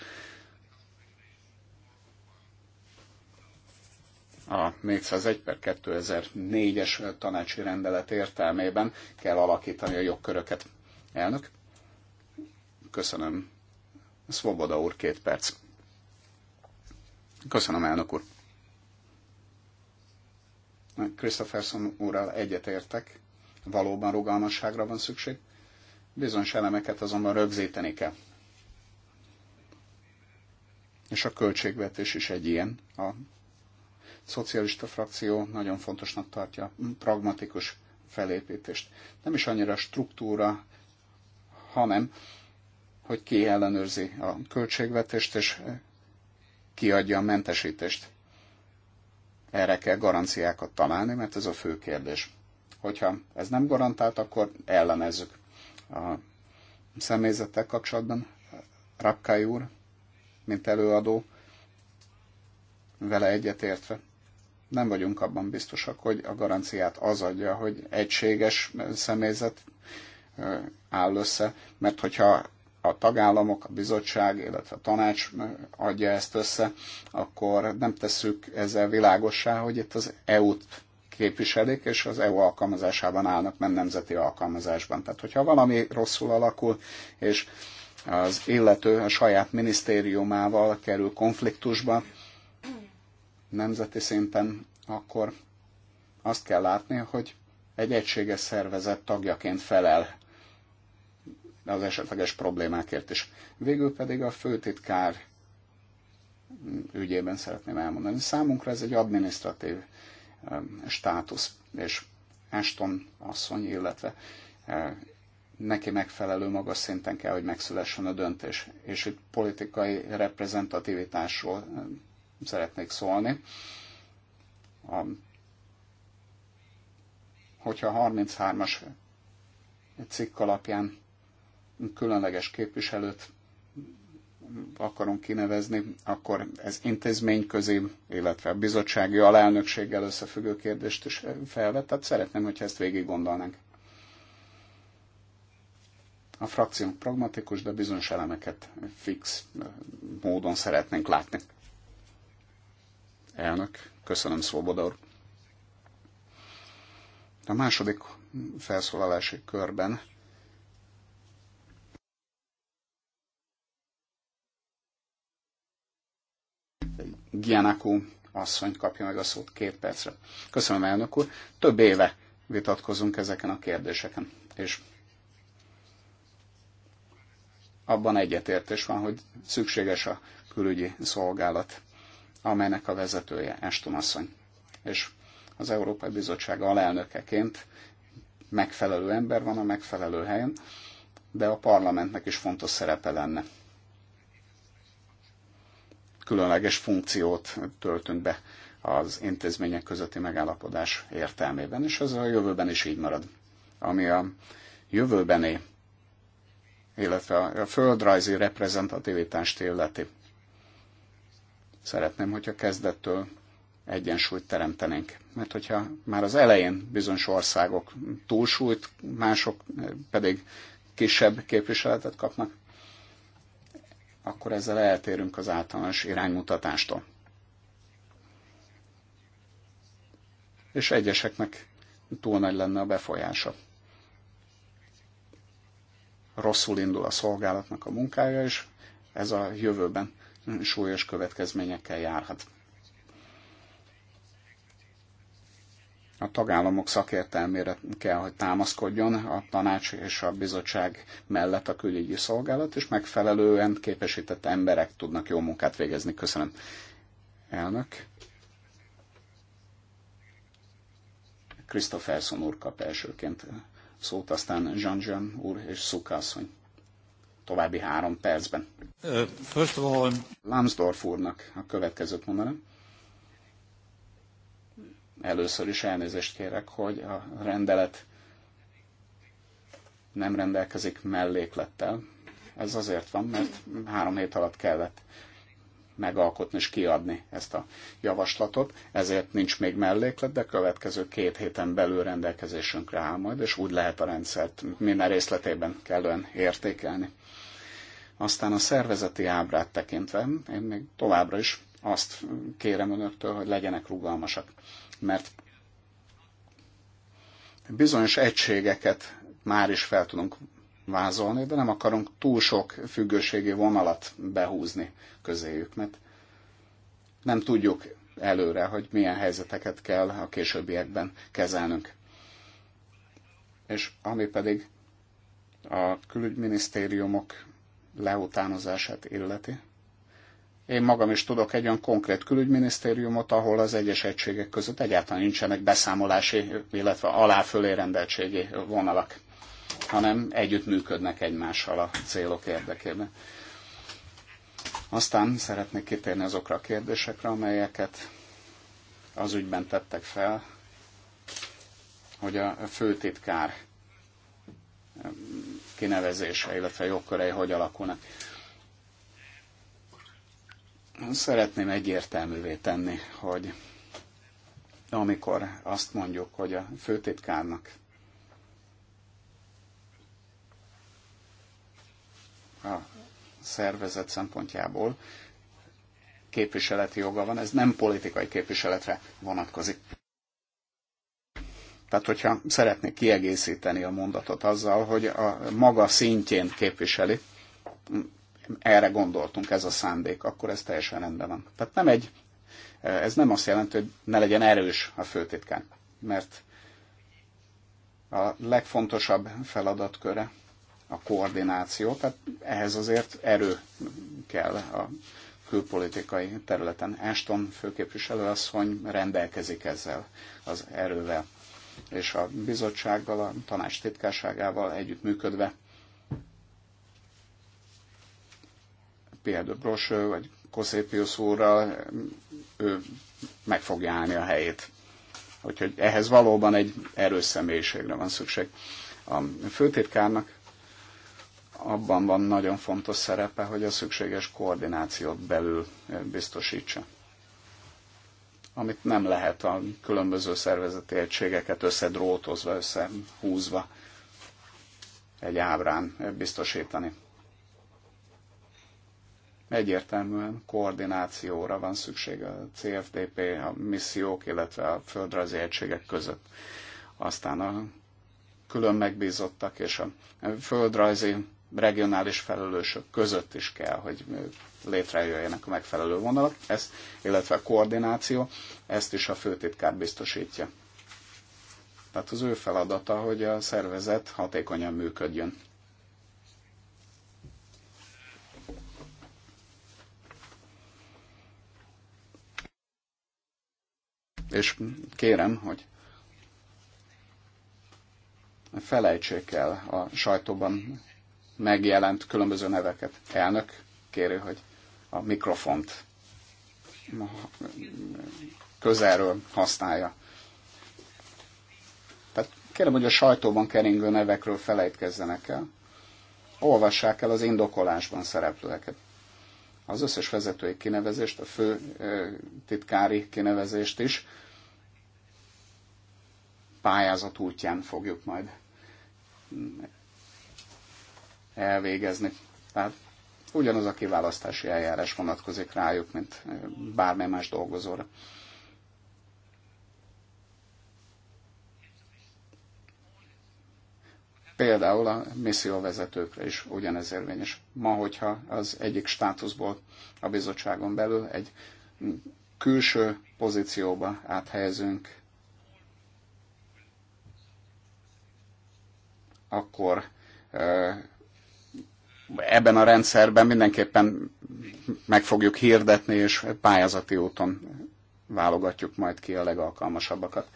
a 401 per 2004-es tanácsi rendelet értelmében kell alakítani a jogköröket. Elnök, köszönöm. Svoboda úr, két perc. Köszönöm, elnök úr. Christopherson úrral egyetértek, valóban rugalmasságra van szükség, bizonyos elemeket azonban rögzíteni kell. És a költségvetés is egy ilyen, a szocialista frakció nagyon fontosnak tartja pragmatikus felépítést. Nem is annyira struktúra, hanem hogy ki ellenőrzi a költségvetést, és kiadja a mentesítést. Erre kell garanciákat találni, mert ez a fő kérdés. Hogyha ez nem garantált, akkor ellenezzük. A személyzettel kapcsolatban Rapkai úr, mint előadó, vele egyetértve nem vagyunk abban biztosak, hogy a garanciát az adja, hogy egységes személyzet áll össze, mert hogyha a tagállamok, a bizottság, illetve a tanács adja ezt össze, akkor nem tesszük ezzel világossá, hogy itt az EU-t képviselik, és az EU alkalmazásában állnak, nem nemzeti alkalmazásban. Tehát, hogyha valami rosszul alakul, és az illető a saját minisztériumával kerül konfliktusba, nemzeti szinten, akkor azt kell látni, hogy egy egységes szervezet tagjaként felel az esetleges problémákért is. Végül pedig a főtitkár ügyében szeretném elmondani. Számunkra ez egy administratív um, státusz, és Ashton asszony, illetve uh, neki megfelelő magas szinten kell, hogy megszülessen a döntés. És itt politikai reprezentativitásról um, szeretnék szólni. A, hogyha a 33-as cikk alapján különleges képviselőt akarunk kinevezni, akkor ez intézményközi, illetve a bizottsági alelnökséggel összefüggő kérdést is felvett. Tehát szeretném, hogyha ezt végig gondolnánk. A frakciónk pragmatikus, de bizonyos elemeket fix módon szeretnénk látni. Elnök, köszönöm Szvoboda úr. A második felszólalási körben Gianakú asszony kapja meg a szót két percre. Köszönöm, elnök úr. Több éve vitatkozunk ezeken a kérdéseken, és abban egyetértés van, hogy szükséges a külügyi szolgálat amelynek a vezetője Eston asszony. És az Európai Bizottság alelnökeként megfelelő ember van a megfelelő helyen, de a parlamentnek is fontos szerepe lenne. Különleges funkciót töltünk be az intézmények közötti megállapodás értelmében, és ez a jövőben is így marad. Ami a jövőbeni, illetve a földrajzi reprezentativitást illeti. Szeretném, hogyha kezdettől egyensúlyt teremtenénk. Mert hogyha már az elején bizonyos országok túlsúlyt, mások pedig kisebb képviseletet kapnak, akkor ezzel eltérünk az általános iránymutatástól. És egyeseknek túl nagy lenne a befolyása. Rosszul indul a szolgálatnak a munkája, és ez a jövőben súlyos következményekkel járhat. a tagállamok szakértelmére kell, hogy támaszkodjon a tanács és a bizottság mellett a külügyi szolgálat, és megfelelően képesített emberek tudnak jó munkát végezni. Köszönöm. Elnök. Christopherson úr kap elsőként szót, aztán jean úr és Szukászony további három percben. Uh, first of all... Lambsdorff úrnak a következőt mondanám. Először is elnézést kérek, hogy a rendelet nem rendelkezik melléklettel. Ez azért van, mert három hét alatt kellett megalkotni és kiadni ezt a javaslatot, ezért nincs még melléklet, de következő két héten belül rendelkezésünkre áll majd, és úgy lehet a rendszert minden részletében kellően értékelni. Aztán a szervezeti ábrát tekintve, én még továbbra is azt kérem önöktől, hogy legyenek rugalmasak. Mert bizonyos egységeket már is fel tudunk vázolni, de nem akarunk túl sok függőségi vonalat behúzni közéjük, mert nem tudjuk előre, hogy milyen helyzeteket kell a későbbiekben kezelnünk. És ami pedig a külügyminisztériumok leutánozását illeti. Én magam is tudok egy olyan konkrét külügyminisztériumot, ahol az egyes egységek között egyáltalán nincsenek beszámolási, illetve alá fölé rendeltségi vonalak, hanem együtt működnek egymással a célok érdekében. Aztán szeretnék kitérni azokra a kérdésekre, amelyeket az ügyben tettek fel, hogy a főtitkár kinevezése, illetve jogkörei hogy alakulnak. Szeretném egyértelművé tenni, hogy amikor azt mondjuk, hogy a főtitkárnak a szervezet szempontjából képviseleti joga van, ez nem politikai képviseletre vonatkozik. Tehát, hogyha szeretnék kiegészíteni a mondatot azzal, hogy a maga szintjén képviseli, erre gondoltunk, ez a szándék, akkor ez teljesen rendben van. Tehát nem egy, ez nem azt jelenti, hogy ne legyen erős a főtitkán, mert a legfontosabb feladatköre a koordináció, tehát ehhez azért erő kell a külpolitikai területen. Ashton főképviselő asszony rendelkezik ezzel az erővel és a bizottsággal, a tanács titkárságával együttműködve például Brosső vagy Koszépius úrral, ő meg fogja állni a helyét. Úgyhogy ehhez valóban egy erős személyiségre van szükség. A főtitkárnak abban van nagyon fontos szerepe, hogy a szükséges koordinációt belül biztosítsa amit nem lehet a különböző szervezeti egységeket összedrótozva, összehúzva egy ábrán biztosítani. Egyértelműen koordinációra van szükség a CFDP, a missziók, illetve a földrajzi egységek között. Aztán a külön megbízottak és a földrajzi regionális felelősök között is kell, hogy létrejöjjenek a megfelelő vonalak, ez, illetve a koordináció, ezt is a főtitkár biztosítja. Tehát az ő feladata, hogy a szervezet hatékonyan működjön. És kérem, hogy felejtsék el a sajtóban megjelent különböző neveket. Elnök kérő, hogy a mikrofont közelről használja. Tehát kérem, hogy a sajtóban keringő nevekről felejtkezzenek el. Olvassák el az indokolásban szereplőeket. Az összes vezetői kinevezést, a fő titkári kinevezést is pályázat útján fogjuk majd elvégezni. Tehát ugyanaz a kiválasztási eljárás vonatkozik rájuk, mint bármely más dolgozóra. Például a misszióvezetőkre is ugyanez érvényes. Ma, hogyha az egyik státuszból a bizottságon belül egy külső pozícióba áthelyezünk, akkor ebben a rendszerben mindenképpen meg fogjuk hirdetni, és pályázati úton válogatjuk majd ki a legalkalmasabbakat.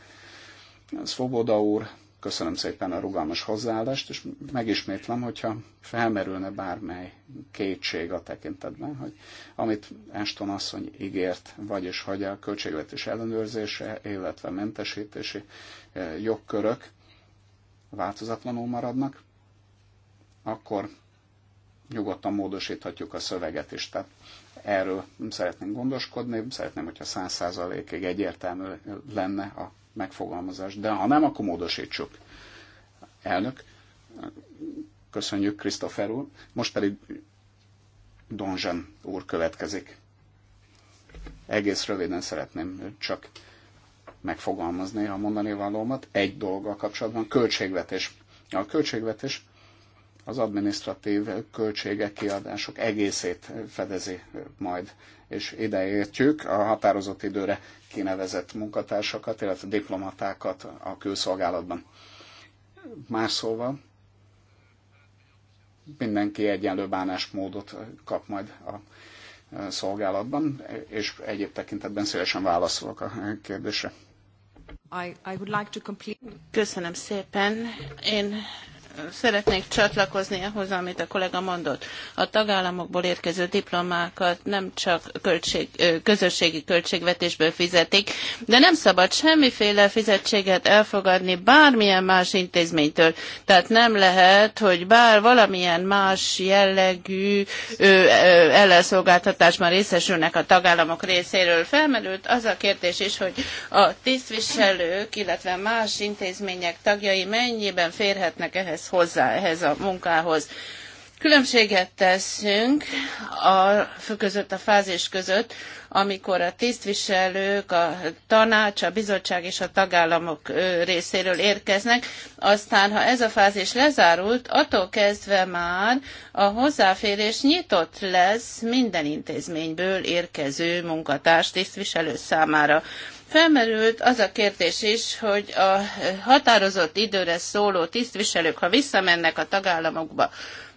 Szvoboda úr, köszönöm szépen a rugalmas hozzáállást, és megismétlem, hogyha felmerülne bármely kétség a tekintetben, hogy amit Ashton asszony ígért, vagyis hogy a költségvetés ellenőrzése, illetve mentesítési eh, jogkörök változatlanul maradnak, akkor nyugodtan módosíthatjuk a szöveget is. Tehát erről szeretnénk gondoskodni, szeretném, hogyha száz százalékig egyértelmű lenne a megfogalmazás, de ha nem, akkor módosítsuk. Elnök, köszönjük Christopher úr, most pedig Donzsen úr következik. Egész röviden szeretném csak megfogalmazni a mondani valómat. Egy dolga kapcsolatban, költségvetés. A költségvetés az adminisztratív költségek, kiadások egészét fedezi majd, és ideértjük a határozott időre kinevezett munkatársakat, illetve diplomatákat a külszolgálatban. Más szóval, mindenki egyenlő bánásmódot kap majd a szolgálatban, és egyéb tekintetben szélesen válaszolok a kérdésre. I, I would like to complete... Köszönöm szépen. Én szeretnék csatlakozni ahhoz, amit a kollega mondott. A tagállamokból érkező diplomákat nem csak költség, közösségi költségvetésből fizetik, de nem szabad semmiféle fizetséget elfogadni bármilyen más intézménytől. Tehát nem lehet, hogy bár valamilyen más jellegű ellenszolgáltatásban részesülnek a tagállamok részéről. Felmerült az a kérdés is, hogy a tisztviselők, illetve más intézmények tagjai mennyiben férhetnek ehhez ehhez hozzá, ehhez a munkához. Különbséget teszünk a, között a fázis között, amikor a tisztviselők, a tanács, a bizottság és a tagállamok részéről érkeznek, aztán ha ez a fázis lezárult, attól kezdve már a hozzáférés nyitott lesz minden intézményből érkező munkatárs tisztviselő számára. Felmerült az a kérdés is, hogy a határozott időre szóló tisztviselők, ha visszamennek a tagállamokba,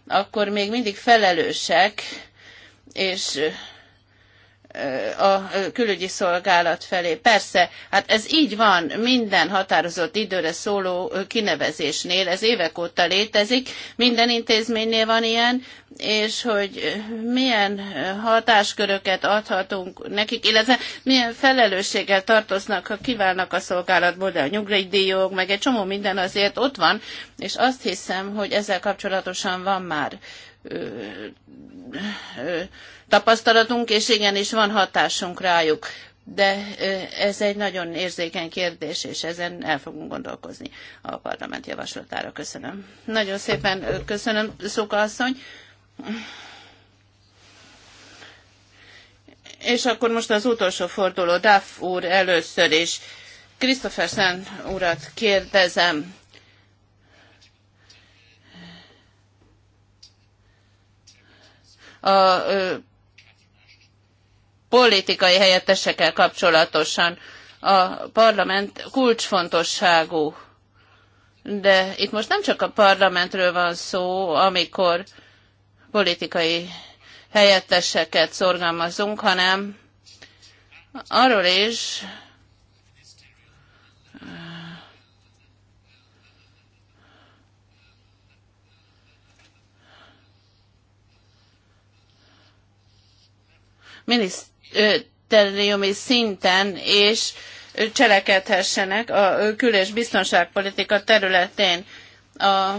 akkor még mindig felelősek, és a külügyi szolgálat felé. Persze, hát ez így van minden határozott időre szóló kinevezésnél, ez évek óta létezik, minden intézménynél van ilyen, és hogy milyen hatásköröket adhatunk nekik, illetve milyen felelősséggel tartoznak, ha kiválnak a szolgálatból, de a nyugdíjdíjog, meg egy csomó minden azért ott van, és azt hiszem, hogy ezzel kapcsolatosan van már tapasztalatunk, és igenis van hatásunk rájuk. De ez egy nagyon érzékeny kérdés, és ezen el fogunk gondolkozni a parlament javaslatára. Köszönöm. Nagyon szépen köszönöm, Szóka asszony. És akkor most az utolsó forduló, Duff úr először is. Christophersen urat kérdezem a politikai helyettesekkel kapcsolatosan. A parlament kulcsfontosságú. De itt most nem csak a parlamentről van szó, amikor politikai helyetteseket szorgalmazunk, hanem arról is, minisztériumi szinten és cselekedhessenek a kül- és biztonságpolitika területén. A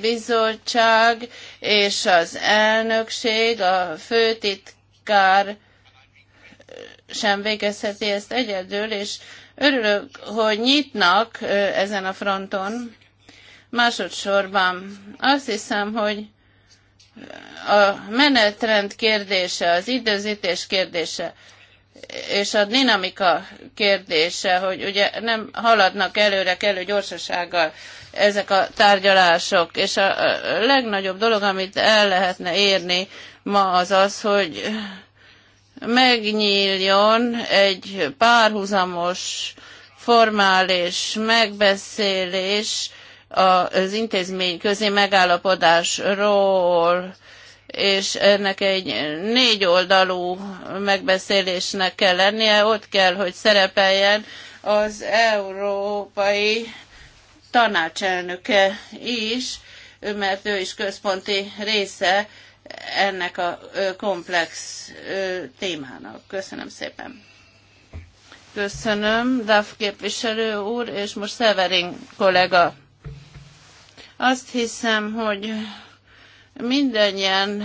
bizottság és az elnökség, a főtitkár sem végezheti ezt egyedül, és örülök, hogy nyitnak ezen a fronton. Másodszorban azt hiszem, hogy a menetrend kérdése, az időzítés kérdése, és a dinamika kérdése, hogy ugye nem haladnak előre kellő gyorsasággal ezek a tárgyalások, és a legnagyobb dolog, amit el lehetne érni ma az az, hogy megnyíljon egy párhuzamos, formális megbeszélés, az intézmény közé megállapodásról, és ennek egy négy oldalú megbeszélésnek kell lennie, ott kell, hogy szerepeljen az európai tanácselnöke is, mert ő is központi része ennek a komplex témának. Köszönöm szépen. Köszönöm, DAF képviselő úr, és most Severin kollega azt hiszem, hogy mindannyian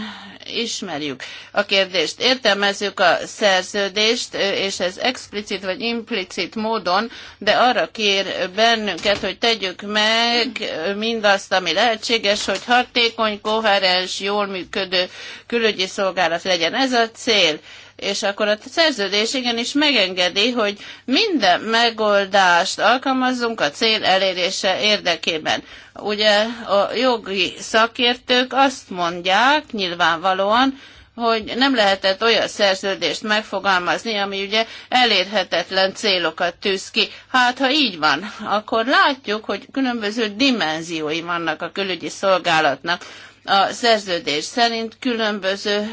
ismerjük a kérdést. Értelmezzük a szerződést, és ez explicit vagy implicit módon, de arra kér bennünket, hogy tegyük meg mindazt, ami lehetséges, hogy hatékony, koherens, jól működő külügyi szolgálat legyen. Ez a cél és akkor a szerződés igenis megengedi, hogy minden megoldást alkalmazzunk a cél elérése érdekében. Ugye a jogi szakértők azt mondják nyilvánvalóan, hogy nem lehetett olyan szerződést megfogalmazni, ami ugye elérhetetlen célokat tűz ki. Hát, ha így van, akkor látjuk, hogy különböző dimenziói vannak a külügyi szolgálatnak a szerződés szerint különböző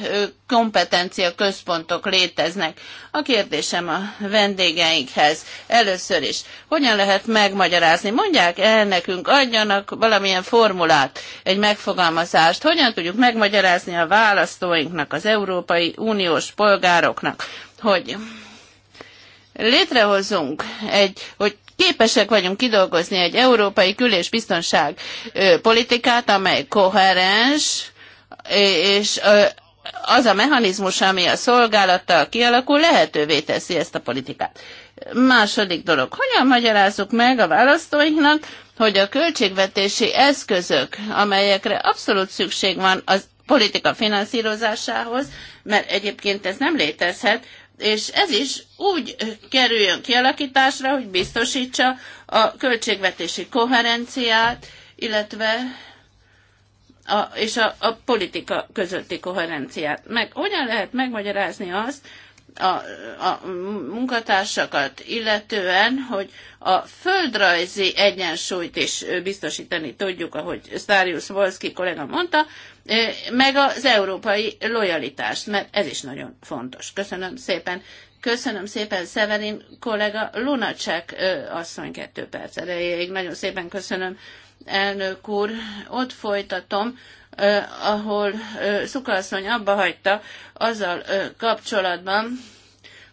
kompetencia központok léteznek. A kérdésem a vendégeinkhez először is, hogyan lehet megmagyarázni? Mondják el nekünk, adjanak valamilyen formulát, egy megfogalmazást, hogyan tudjuk megmagyarázni a választóinknak, az Európai Uniós polgároknak, hogy létrehozunk egy, hogy Képesek vagyunk kidolgozni egy európai kül- és biztonság politikát, amely koherens, és az a mechanizmus, ami a szolgálattal kialakul, lehetővé teszi ezt a politikát. Második dolog, hogyan magyarázzuk meg a választóinknak, hogy a költségvetési eszközök, amelyekre abszolút szükség van az politika finanszírozásához, mert egyébként ez nem létezhet, és ez is úgy kerüljön kialakításra, hogy biztosítsa a költségvetési koherenciát, illetve a, és a, a politika közötti koherenciát. Meg hogyan lehet megmagyarázni azt a, a munkatársakat illetően, hogy a földrajzi egyensúlyt is biztosítani tudjuk, ahogy Stárius Volszki kollega mondta, meg az európai lojalitást, mert ez is nagyon fontos. Köszönöm szépen. Köszönöm szépen Szeverin kollega Lunacek asszony kettő perc erejéig. Nagyon szépen köszönöm, elnök úr. Ott folytatom, ahol Szuka asszony abba hagyta azzal kapcsolatban,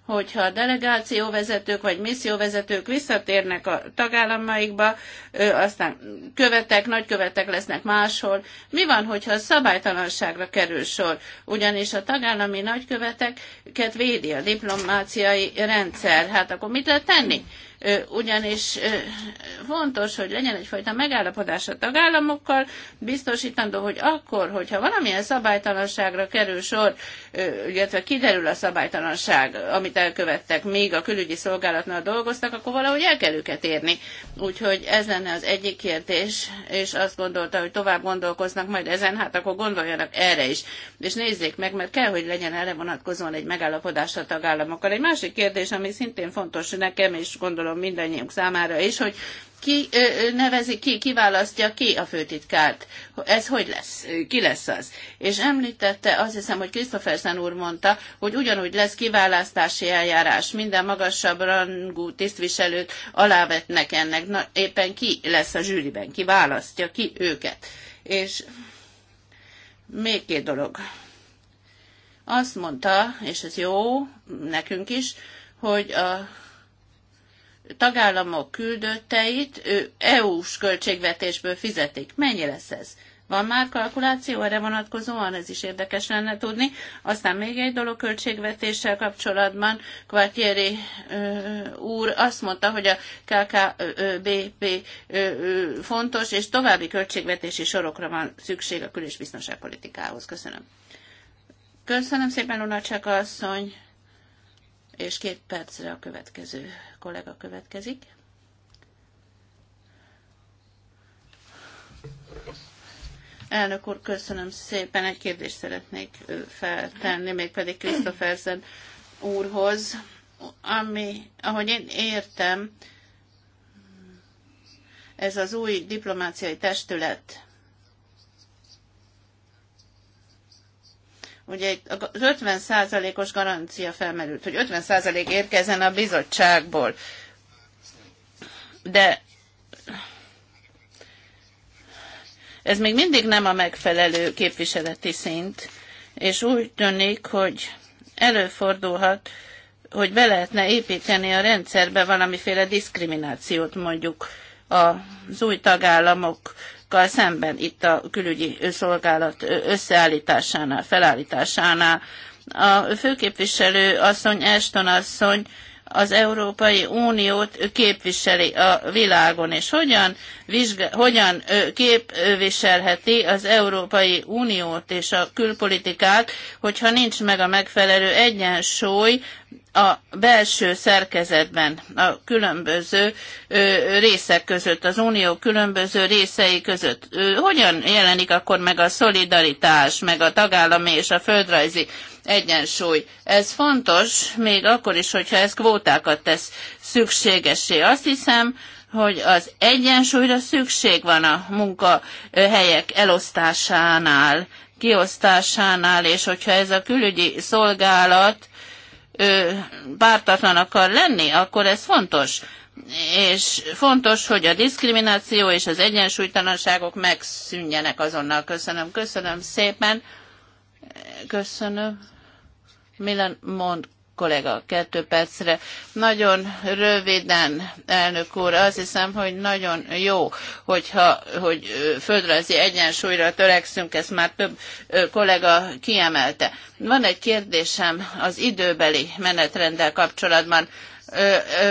hogyha a delegációvezetők vagy misszióvezetők visszatérnek a tagállamaikba, aztán követek, nagykövetek lesznek máshol. Mi van, hogyha szabálytalanságra kerül sor? Ugyanis a tagállami nagyköveteket védi a diplomáciai rendszer. Hát akkor mit lehet tenni? ugyanis fontos, hogy legyen egyfajta megállapodás a tagállamokkal, biztosítandó, hogy akkor, hogyha valamilyen szabálytalanságra kerül sor, illetve kiderül a szabálytalanság, amit elkövettek, még a külügyi szolgálatnál dolgoztak, akkor valahogy el kell őket érni. Úgyhogy ez lenne az egyik kérdés, és azt gondolta, hogy tovább gondolkoznak majd ezen, hát akkor gondoljanak erre is. És nézzék meg, mert kell, hogy legyen erre vonatkozóan egy megállapodás a tagállamokkal. Egy másik kérdés, ami szintén fontos nekem, és gondolom gondolom mindannyiunk számára is, hogy ki nevezi ki, kiválasztja ki a főtitkárt. Ez hogy lesz? Ki lesz az? És említette, azt hiszem, hogy Krisztofersen úr mondta, hogy ugyanúgy lesz kiválasztási eljárás. Minden magasabb rangú tisztviselőt alávetnek ennek. Na, éppen ki lesz a zsűriben? Ki választja ki őket? És még két dolog. Azt mondta, és ez jó nekünk is, hogy a tagállamok küldötteit EU-s költségvetésből fizetik. Mennyi lesz ez? Van már kalkuláció erre vonatkozóan? Ez is érdekes lenne tudni. Aztán még egy dolog költségvetéssel kapcsolatban. Kvartieri úr azt mondta, hogy a KKBP fontos, és további költségvetési sorokra van szükség a kül- és biztonságpolitikához. Köszönöm. Köszönöm szépen, Lunacsek asszony, és két percre a következő kollega következik. Elnök úr, köszönöm szépen. Egy kérdést szeretnék feltenni, mégpedig Krisztoferzen úrhoz, ami, ahogy én értem, ez az új diplomáciai testület Ugye az 50%-os garancia felmerült, hogy 50% érkezzen a bizottságból. De ez még mindig nem a megfelelő képviseleti szint, és úgy tűnik, hogy előfordulhat, hogy be lehetne építeni a rendszerbe valamiféle diszkriminációt mondjuk az új tagállamok azokkal szemben itt a külügyi szolgálat összeállításánál, felállításánál. A főképviselő asszony, Ashton asszony az Európai Uniót képviseli a világon, és hogyan, vizsga, hogyan képviselheti az Európai Uniót és a külpolitikát, hogyha nincs meg a megfelelő egyensúly a belső szerkezetben, a különböző részek között, az unió különböző részei között. hogyan jelenik akkor meg a szolidaritás, meg a tagállami és a földrajzi egyensúly. Ez fontos, még akkor is, hogyha ez kvótákat tesz szükségessé. Azt hiszem, hogy az egyensúlyra szükség van a munkahelyek elosztásánál, kiosztásánál, és hogyha ez a külügyi szolgálat ö, pártatlan akar lenni, akkor ez fontos. És fontos, hogy a diszkrimináció és az egyensúlytalanságok megszűnjenek azonnal. Köszönöm, köszönöm szépen. Köszönöm. Milan mond kollega kettő percre. Nagyon röviden, elnök úr, azt hiszem, hogy nagyon jó, hogyha, hogy földrajzi egyensúlyra törekszünk, ezt már több kollega kiemelte. Van egy kérdésem az időbeli menetrenddel kapcsolatban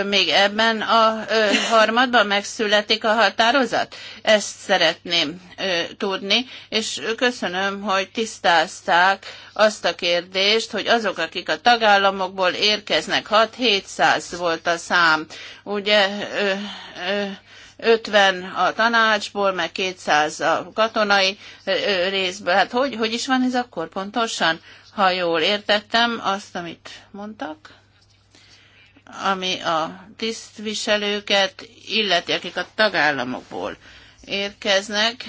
még ebben a harmadban megszületik a határozat? Ezt szeretném tudni, és köszönöm, hogy tisztázták azt a kérdést, hogy azok, akik a tagállamokból érkeznek, 6-700 volt a szám, ugye 50 a tanácsból, meg 200 a katonai részből. Hát hogy, hogy is van ez akkor pontosan, ha jól értettem azt, amit mondtak? ami a tisztviselőket illeti, akik a tagállamokból érkeznek,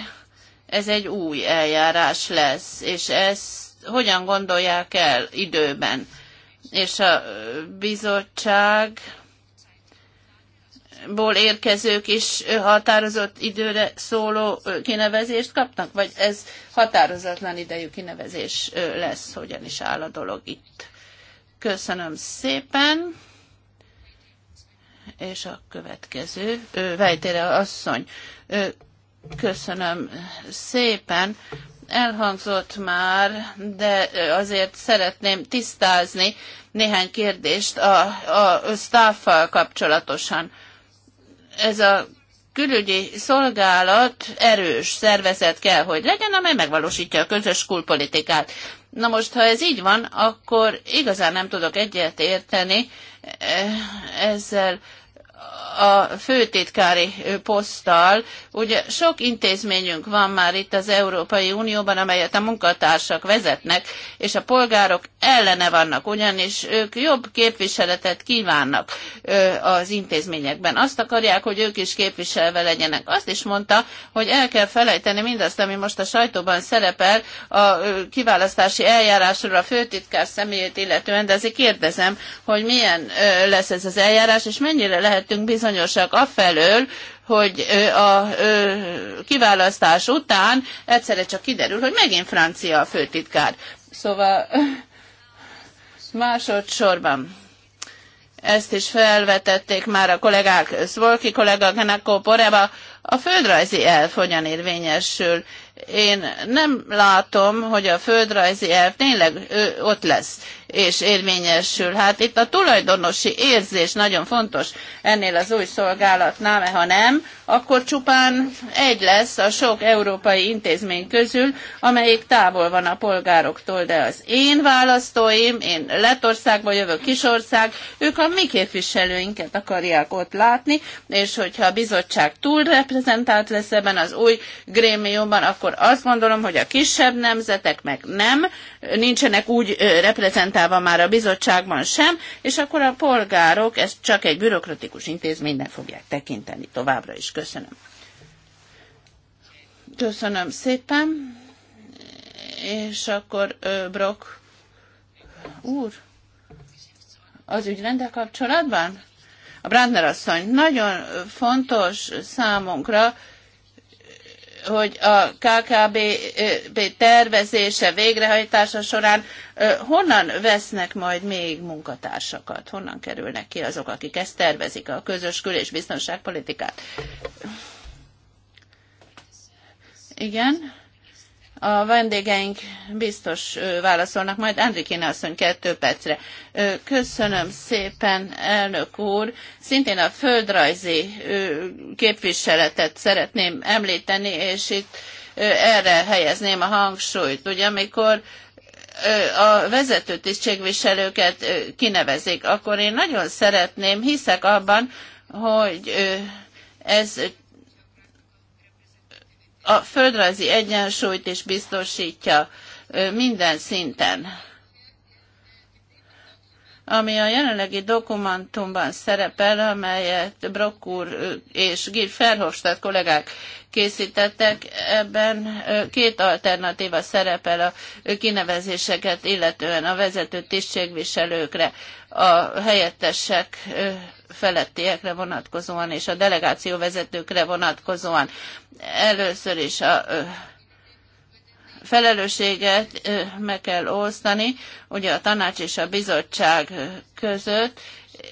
ez egy új eljárás lesz, és ezt hogyan gondolják el időben. És a bizottságból érkezők is határozott időre szóló kinevezést kapnak, vagy ez határozatlan idejű kinevezés lesz, hogyan is áll a dolog itt. Köszönöm szépen és a következő, Vejtére asszony. Köszönöm szépen. Elhangzott már, de azért szeretném tisztázni néhány kérdést a, a sztáffal kapcsolatosan. Ez a külügyi szolgálat erős szervezet kell, hogy legyen, amely megvalósítja a közös kulpolitikát. Na most, ha ez így van, akkor igazán nem tudok egyet érteni eh, ezzel a főtitkári poszttal. Ugye sok intézményünk van már itt az Európai Unióban, amelyet a munkatársak vezetnek, és a polgárok ellene vannak, ugyanis ők jobb képviseletet kívánnak az intézményekben. Azt akarják, hogy ők is képviselve legyenek. Azt is mondta, hogy el kell felejteni mindazt, ami most a sajtóban szerepel a kiválasztási eljárásról a főtitkár személyét illetően, de azért kérdezem, hogy milyen lesz ez az eljárás, és mennyire lehetünk bizonyítani bizonyosak afelől, hogy a kiválasztás után egyszerre csak kiderül, hogy megint francia a főtitkár. Szóval másodszorban ezt is felvetették már a kollégák, Szvolki kollega, Genakó Poreba, a földrajzi elf hogyan érvényesül én nem látom, hogy a földrajzi elv tényleg ő ott lesz és érvényesül. Hát itt a tulajdonosi érzés nagyon fontos ennél az új szolgálatnál, mert ha nem, akkor csupán egy lesz a sok európai intézmény közül, amelyik távol van a polgároktól, de az én választóim, én Letországba jövök Kisország, ők a mi képviselőinket akarják ott látni, és hogyha a bizottság túl reprezentált lesz ebben az új grémiumban, akkor akkor azt gondolom, hogy a kisebb nemzetek meg nem, nincsenek úgy reprezentálva már a bizottságban sem, és akkor a polgárok ezt csak egy bürokratikus intézménynek fogják tekinteni továbbra is. Köszönöm. Köszönöm szépen. És akkor Brock úr, az ügyrendel kapcsolatban? A Brandner asszony, nagyon fontos számunkra, hogy a KKB tervezése, végrehajtása során honnan vesznek majd még munkatársakat? Honnan kerülnek ki azok, akik ezt tervezik, a közös kül- és biztonságpolitikát? Igen. A vendégeink biztos válaszolnak, majd Andrikin asszony kettő percre. Köszönöm szépen, elnök úr. Szintén a földrajzi képviseletet szeretném említeni, és itt erre helyezném a hangsúlyt. Ugye, amikor a vezető tisztségviselőket kinevezik, akkor én nagyon szeretném, hiszek abban, hogy ez a földrajzi egyensúlyt is biztosítja minden szinten ami a jelenlegi dokumentumban szerepel, amelyet Brock úr és Gil Ferhofstadt kollégák készítettek, ebben két alternatíva szerepel a kinevezéseket, illetően a vezető tisztségviselőkre, a helyettesek felettiekre vonatkozóan és a delegáció vezetőkre vonatkozóan. Először is a felelősséget meg kell osztani, ugye a tanács és a bizottság között,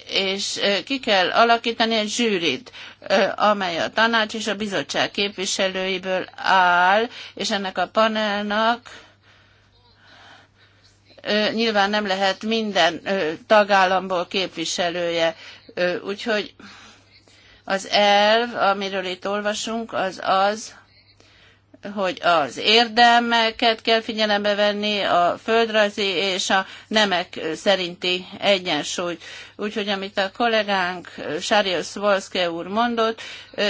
és ki kell alakítani egy zsűrit, amely a tanács és a bizottság képviselőiből áll, és ennek a panelnak nyilván nem lehet minden tagállamból képviselője, úgyhogy az elv, amiről itt olvasunk, az az, hogy az érdemeket kell figyelembe venni, a földrajzi és a nemek szerinti egyensúlyt. Úgyhogy amit a kollégánk Sárjó Szvolszke úr mondott,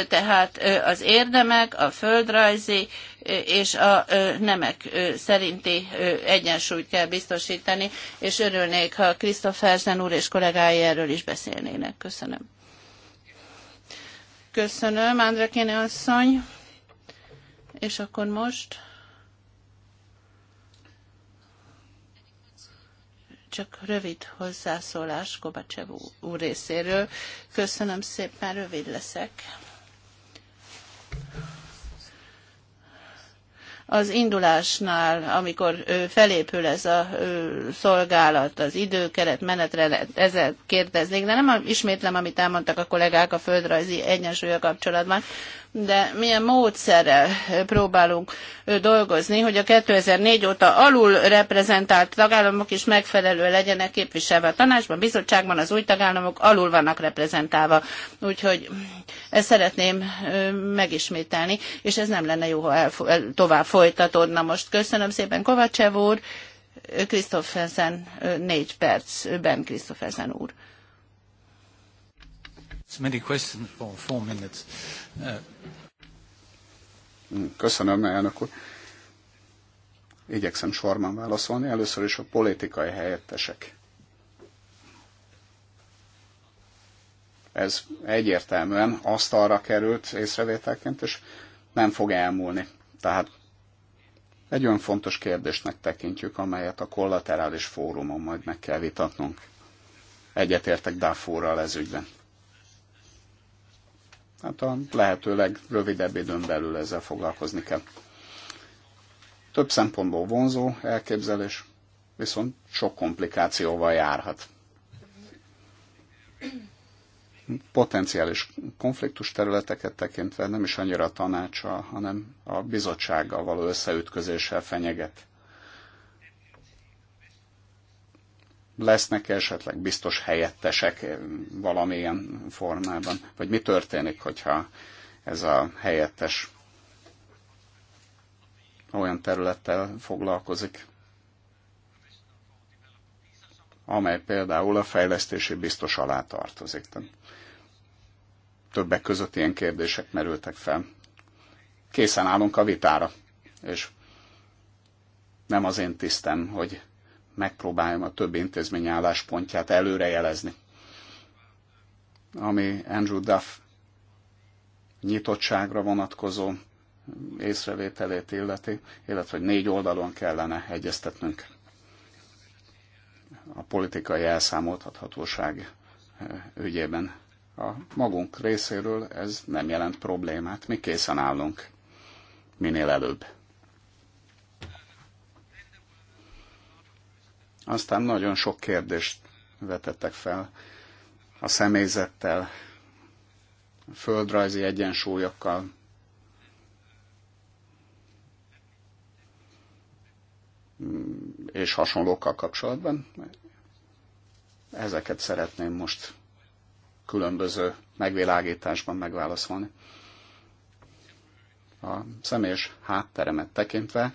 tehát az érdemek, a földrajzi és a nemek szerinti egyensúlyt kell biztosítani, és örülnék, ha Krisztofersen úr és kollégái erről is beszélnének. Köszönöm. Köszönöm, Andrekéne asszony. És akkor most csak rövid hozzászólás Kobacsev úr részéről. Köszönöm szépen, rövid leszek. az indulásnál, amikor felépül ez a szolgálat, az időkeret, menetre, ezzel kérdeznék, de nem ismétlem, amit elmondtak a kollégák a földrajzi egyensúlya kapcsolatban, de milyen módszerrel próbálunk dolgozni, hogy a 2004 óta alul reprezentált tagállamok is megfelelő legyenek képviselve a tanácsban, bizottságban az új tagállamok alul vannak reprezentálva. Úgyhogy ezt szeretném megismételni, és ez nem lenne jó, ha el, tovább folytatódna most. Köszönöm szépen, Kovacsev úr, Krisztoffersen négy percben, Krisztoffersen úr many questions for four minutes. Uh, Köszönöm, elnök úr. Igyekszem sorban válaszolni. Először is a politikai helyettesek. Ez egyértelműen azt arra került észrevételként, és nem fog elmúlni. Tehát egy olyan fontos kérdésnek tekintjük, amelyet a kollaterális fórumon majd meg kell vitatnunk. Egyetértek Dáfóral ez ügyben. Hát a lehetőleg rövidebb időn belül ezzel foglalkozni kell. Több szempontból vonzó elképzelés, viszont sok komplikációval járhat. Potenciális konfliktus területeket tekintve nem is annyira a tanácsa, hanem a bizottsággal való összeütközéssel fenyeget lesznek esetleg biztos helyettesek valamilyen formában? Vagy mi történik, hogyha ez a helyettes olyan területtel foglalkozik, amely például a fejlesztési biztos alá tartozik. többek között ilyen kérdések merültek fel. Készen állunk a vitára, és nem az én tisztem, hogy megpróbáljam a több intézmény álláspontját előrejelezni. Ami Andrew Duff nyitottságra vonatkozó észrevételét illeti, illetve hogy négy oldalon kellene egyeztetnünk a politikai elszámoltathatóság eh, ügyében. A magunk részéről ez nem jelent problémát, mi készen állunk minél előbb. Aztán nagyon sok kérdést vetettek fel a személyzettel, földrajzi egyensúlyokkal, és hasonlókkal kapcsolatban. Ezeket szeretném most különböző megvilágításban megválaszolni. A személyes hátteremet tekintve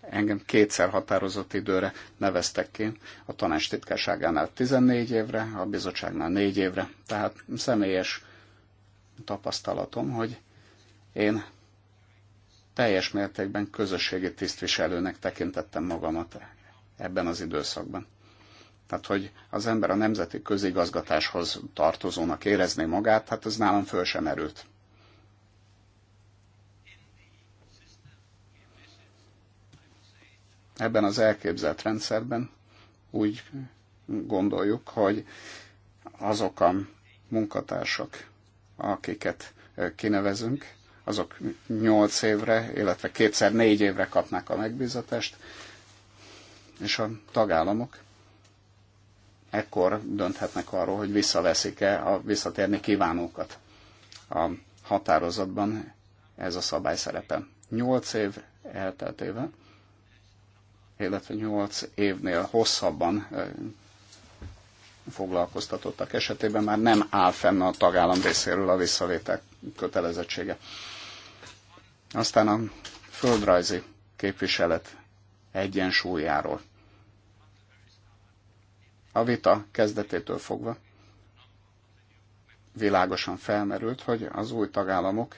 engem kétszer határozott időre neveztek ki, a tanács titkárságánál 14 évre, a bizottságnál 4 évre. Tehát személyes tapasztalatom, hogy én teljes mértékben közösségi tisztviselőnek tekintettem magamat ebben az időszakban. Tehát, hogy az ember a nemzeti közigazgatáshoz tartozónak érezné magát, hát ez nálam föl sem erült. Ebben az elképzelt rendszerben úgy gondoljuk, hogy azok a munkatársak, akiket kinevezünk, azok 8 évre, illetve kétszer négy évre kapnak a megbízatást, és a tagállamok ekkor dönthetnek arról, hogy visszaveszik-e a visszatérni kívánókat. A határozatban ez a szabály szerepe. 8 év elteltével illetve 8 évnél hosszabban foglalkoztatottak esetében már nem áll fenn a tagállam részéről a visszavétel kötelezettsége. Aztán a földrajzi képviselet egyensúlyáról. A vita kezdetétől fogva világosan felmerült, hogy az új tagállamok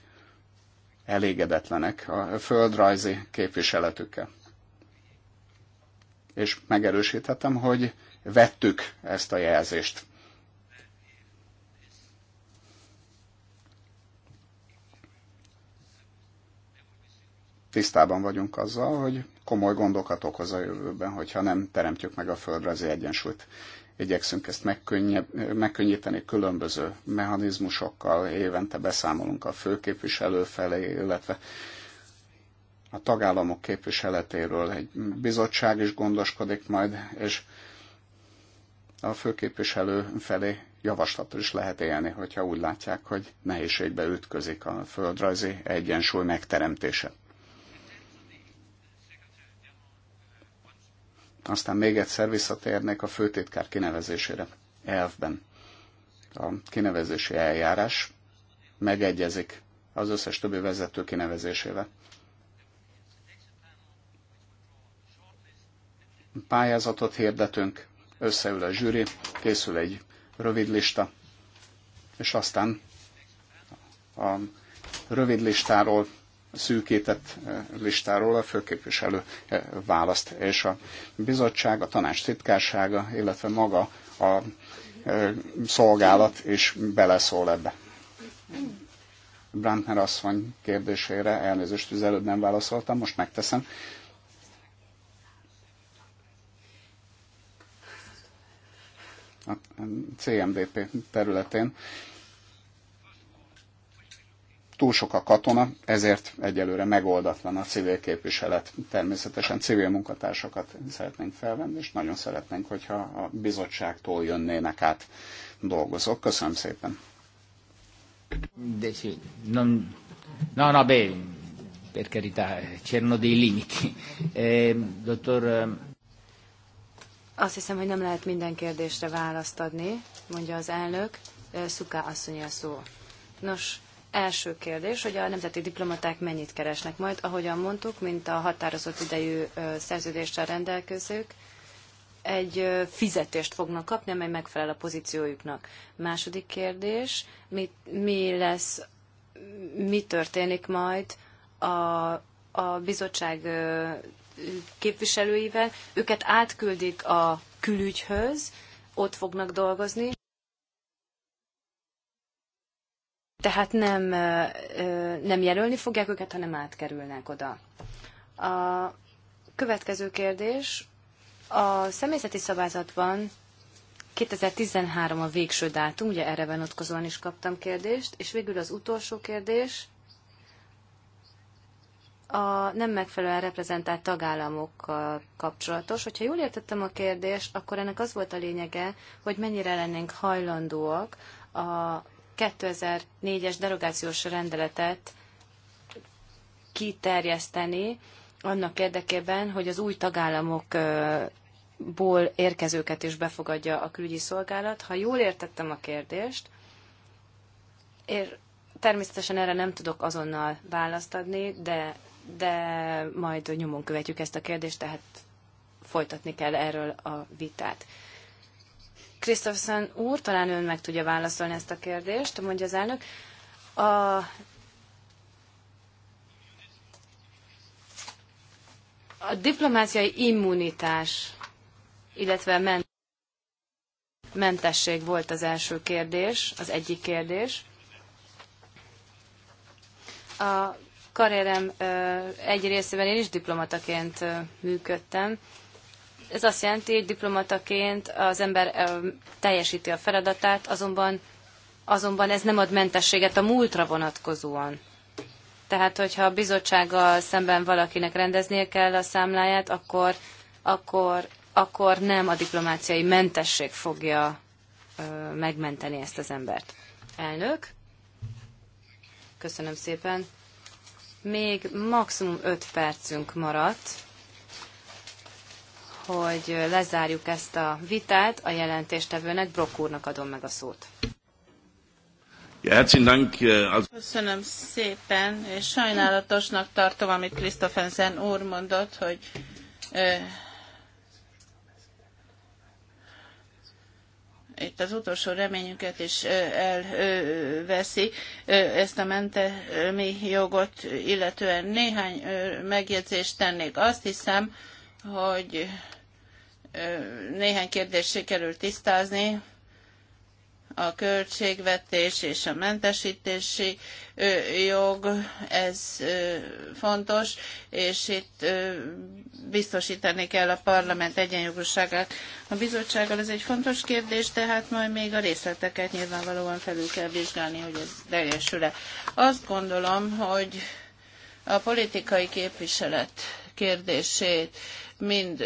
elégedetlenek a földrajzi képviseletükkel és megerősíthetem, hogy vettük ezt a jelzést. Tisztában vagyunk azzal, hogy komoly gondokat okoz a jövőben, hogyha nem teremtjük meg a földre az egyensúlyt. Igyekszünk ezt megkönnyíteni különböző mechanizmusokkal, évente beszámolunk a főképviselő felé, illetve a tagállamok képviseletéről egy bizottság is gondoskodik majd, és a főképviselő felé javaslatot is lehet élni, hogyha úgy látják, hogy nehézségbe ütközik a földrajzi egyensúly megteremtése. Aztán még egyszer visszatérnék a főtitkár kinevezésére elfben. A kinevezési eljárás megegyezik az összes többi vezető kinevezésével. pályázatot hirdetünk, összeül a zsűri, készül egy rövid lista, és aztán a rövid listáról, szűkített eh, listáról a főképviselő eh, választ, és a bizottság, a tanács titkársága, illetve maga a eh, szolgálat is beleszól ebbe. Brandner asszony kérdésére elnézést, az előbb nem válaszoltam, most megteszem. a CMDP területén túl sok a katona, ezért egyelőre megoldatlan a civil képviselet. Természetesen civil munkatársakat szeretnénk felvenni, és nagyon szeretnénk, hogyha a bizottságtól jönnének át dolgozók. Köszönöm szépen. De sì, non, no, no, beh, per carità, c'erano dei limiti. Eh, dottor ehm, azt hiszem, hogy nem lehet minden kérdésre választ adni, mondja az elnök. Szuká asszony a szó. Nos, első kérdés, hogy a nemzeti diplomaták mennyit keresnek majd. Ahogyan mondtuk, mint a határozott idejű szerződéssel rendelkezők, egy fizetést fognak kapni, amely megfelel a pozíciójuknak. Második kérdés, mi, mi lesz, mi történik majd a, a bizottság képviselőivel, őket átküldik a külügyhöz, ott fognak dolgozni. Tehát nem, nem jelölni fogják őket, hanem átkerülnek oda. A következő kérdés. A személyzeti szabázatban 2013 a végső dátum, ugye erre vonatkozóan is kaptam kérdést, és végül az utolsó kérdés – a nem megfelelően reprezentált tagállamokkal kapcsolatos. Hogyha jól értettem a kérdést, akkor ennek az volt a lényege, hogy mennyire lennénk hajlandóak a 2004-es derogációs rendeletet kiterjeszteni annak érdekében, hogy az új tagállamokból érkezőket is befogadja a külügyi szolgálat. Ha jól értettem a kérdést, természetesen erre nem tudok azonnal választ adni, de de majd nyomon követjük ezt a kérdést, tehát folytatni kell erről a vitát. Krisztofszen úr, talán ön meg tudja válaszolni ezt a kérdést, mondja az elnök. A a diplomáciai immunitás, illetve mentesség volt az első kérdés, az egyik kérdés. A Karrierem egy részében én is diplomataként működtem. Ez azt jelenti, hogy diplomataként az ember teljesíti a feladatát, azonban, azonban ez nem ad mentességet a múltra vonatkozóan. Tehát, hogyha a bizottsággal szemben valakinek rendeznie kell a számláját, akkor, akkor, akkor nem a diplomáciai mentesség fogja megmenteni ezt az embert. Elnök, köszönöm szépen. Még maximum 5 percünk maradt, hogy lezárjuk ezt a vitát. A jelentéstevőnek Brock úrnak adom meg a szót. Äh, Köszönöm szépen, és sajnálatosnak tartom, amit Christophensen úr mondott, hogy itt az utolsó reményünket is elveszi ezt a mentelmi jogot, illetően néhány megjegyzést tennék. Azt hiszem, hogy néhány kérdést sikerült tisztázni, a költségvetés és a mentesítési jog, ez fontos, és itt biztosítani kell a parlament egyenjogúságát. a bizottsággal. Ez egy fontos kérdés, tehát majd még a részleteket nyilvánvalóan felül kell vizsgálni, hogy ez teljesül-e. Azt gondolom, hogy a politikai képviselet kérdését mind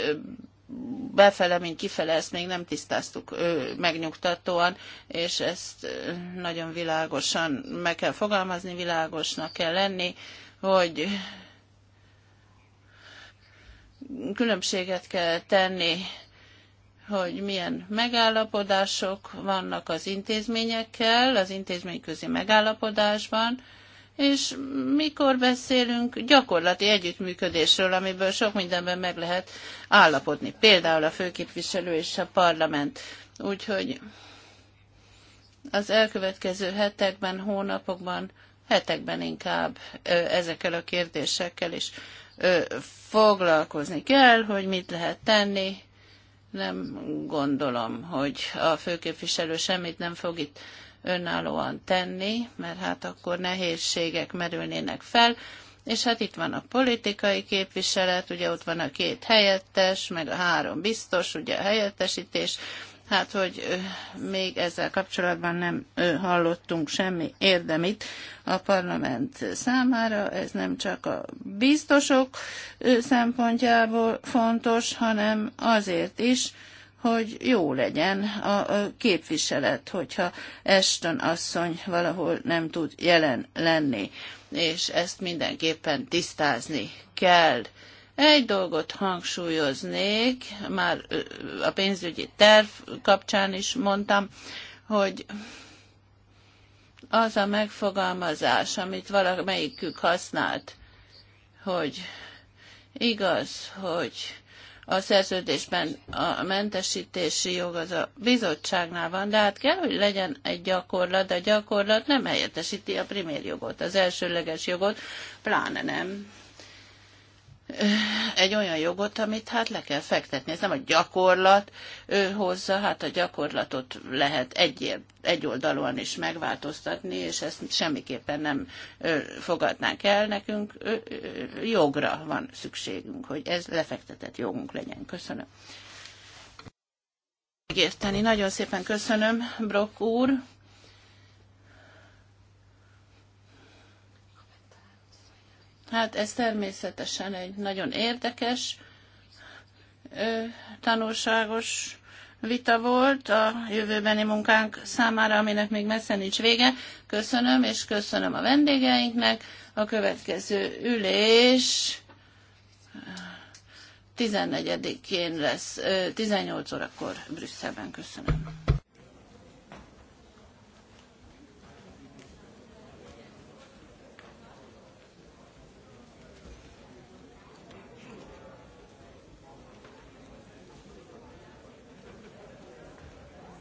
befele, mint kifele, ezt még nem tisztáztuk ö, megnyugtatóan, és ezt ö, nagyon világosan meg kell fogalmazni, világosnak kell lenni, hogy különbséget kell tenni, hogy milyen megállapodások vannak az intézményekkel, az intézményközi megállapodásban, és mikor beszélünk gyakorlati együttműködésről, amiből sok mindenben meg lehet állapodni, például a főképviselő és a parlament. Úgyhogy az elkövetkező hetekben, hónapokban, hetekben inkább ezekkel a kérdésekkel is foglalkozni kell, hogy mit lehet tenni. Nem gondolom, hogy a főképviselő semmit nem fog itt önállóan tenni, mert hát akkor nehézségek merülnének fel, és hát itt van a politikai képviselet, ugye ott van a két helyettes, meg a három biztos, ugye a helyettesítés, hát hogy még ezzel kapcsolatban nem hallottunk semmi érdemit a parlament számára, ez nem csak a biztosok szempontjából fontos, hanem azért is, hogy jó legyen a képviselet, hogyha Eston asszony valahol nem tud jelen lenni, és ezt mindenképpen tisztázni kell. Egy dolgot hangsúlyoznék, már a pénzügyi terv kapcsán is mondtam, hogy az a megfogalmazás, amit valamelyikük használt, hogy igaz, hogy a szerződésben a mentesítési jog az a bizottságnál van, de hát kell, hogy legyen egy gyakorlat, de a gyakorlat nem helyettesíti a primér jogot, az elsőleges jogot, pláne nem egy olyan jogot, amit hát le kell fektetni. Ez nem a gyakorlat ő hozza, hát a gyakorlatot lehet egy, egy oldalon is megváltoztatni, és ezt semmiképpen nem fogadnánk el. Nekünk jogra van szükségünk, hogy ez lefektetett jogunk legyen. Köszönöm. Érteni. Nagyon szépen köszönöm, Brock úr. Hát ez természetesen egy nagyon érdekes, tanulságos vita volt a jövőbeni munkánk számára, aminek még messze nincs vége. Köszönöm, és köszönöm a vendégeinknek. A következő ülés 14-én lesz, 18 órakor Brüsszelben. Köszönöm.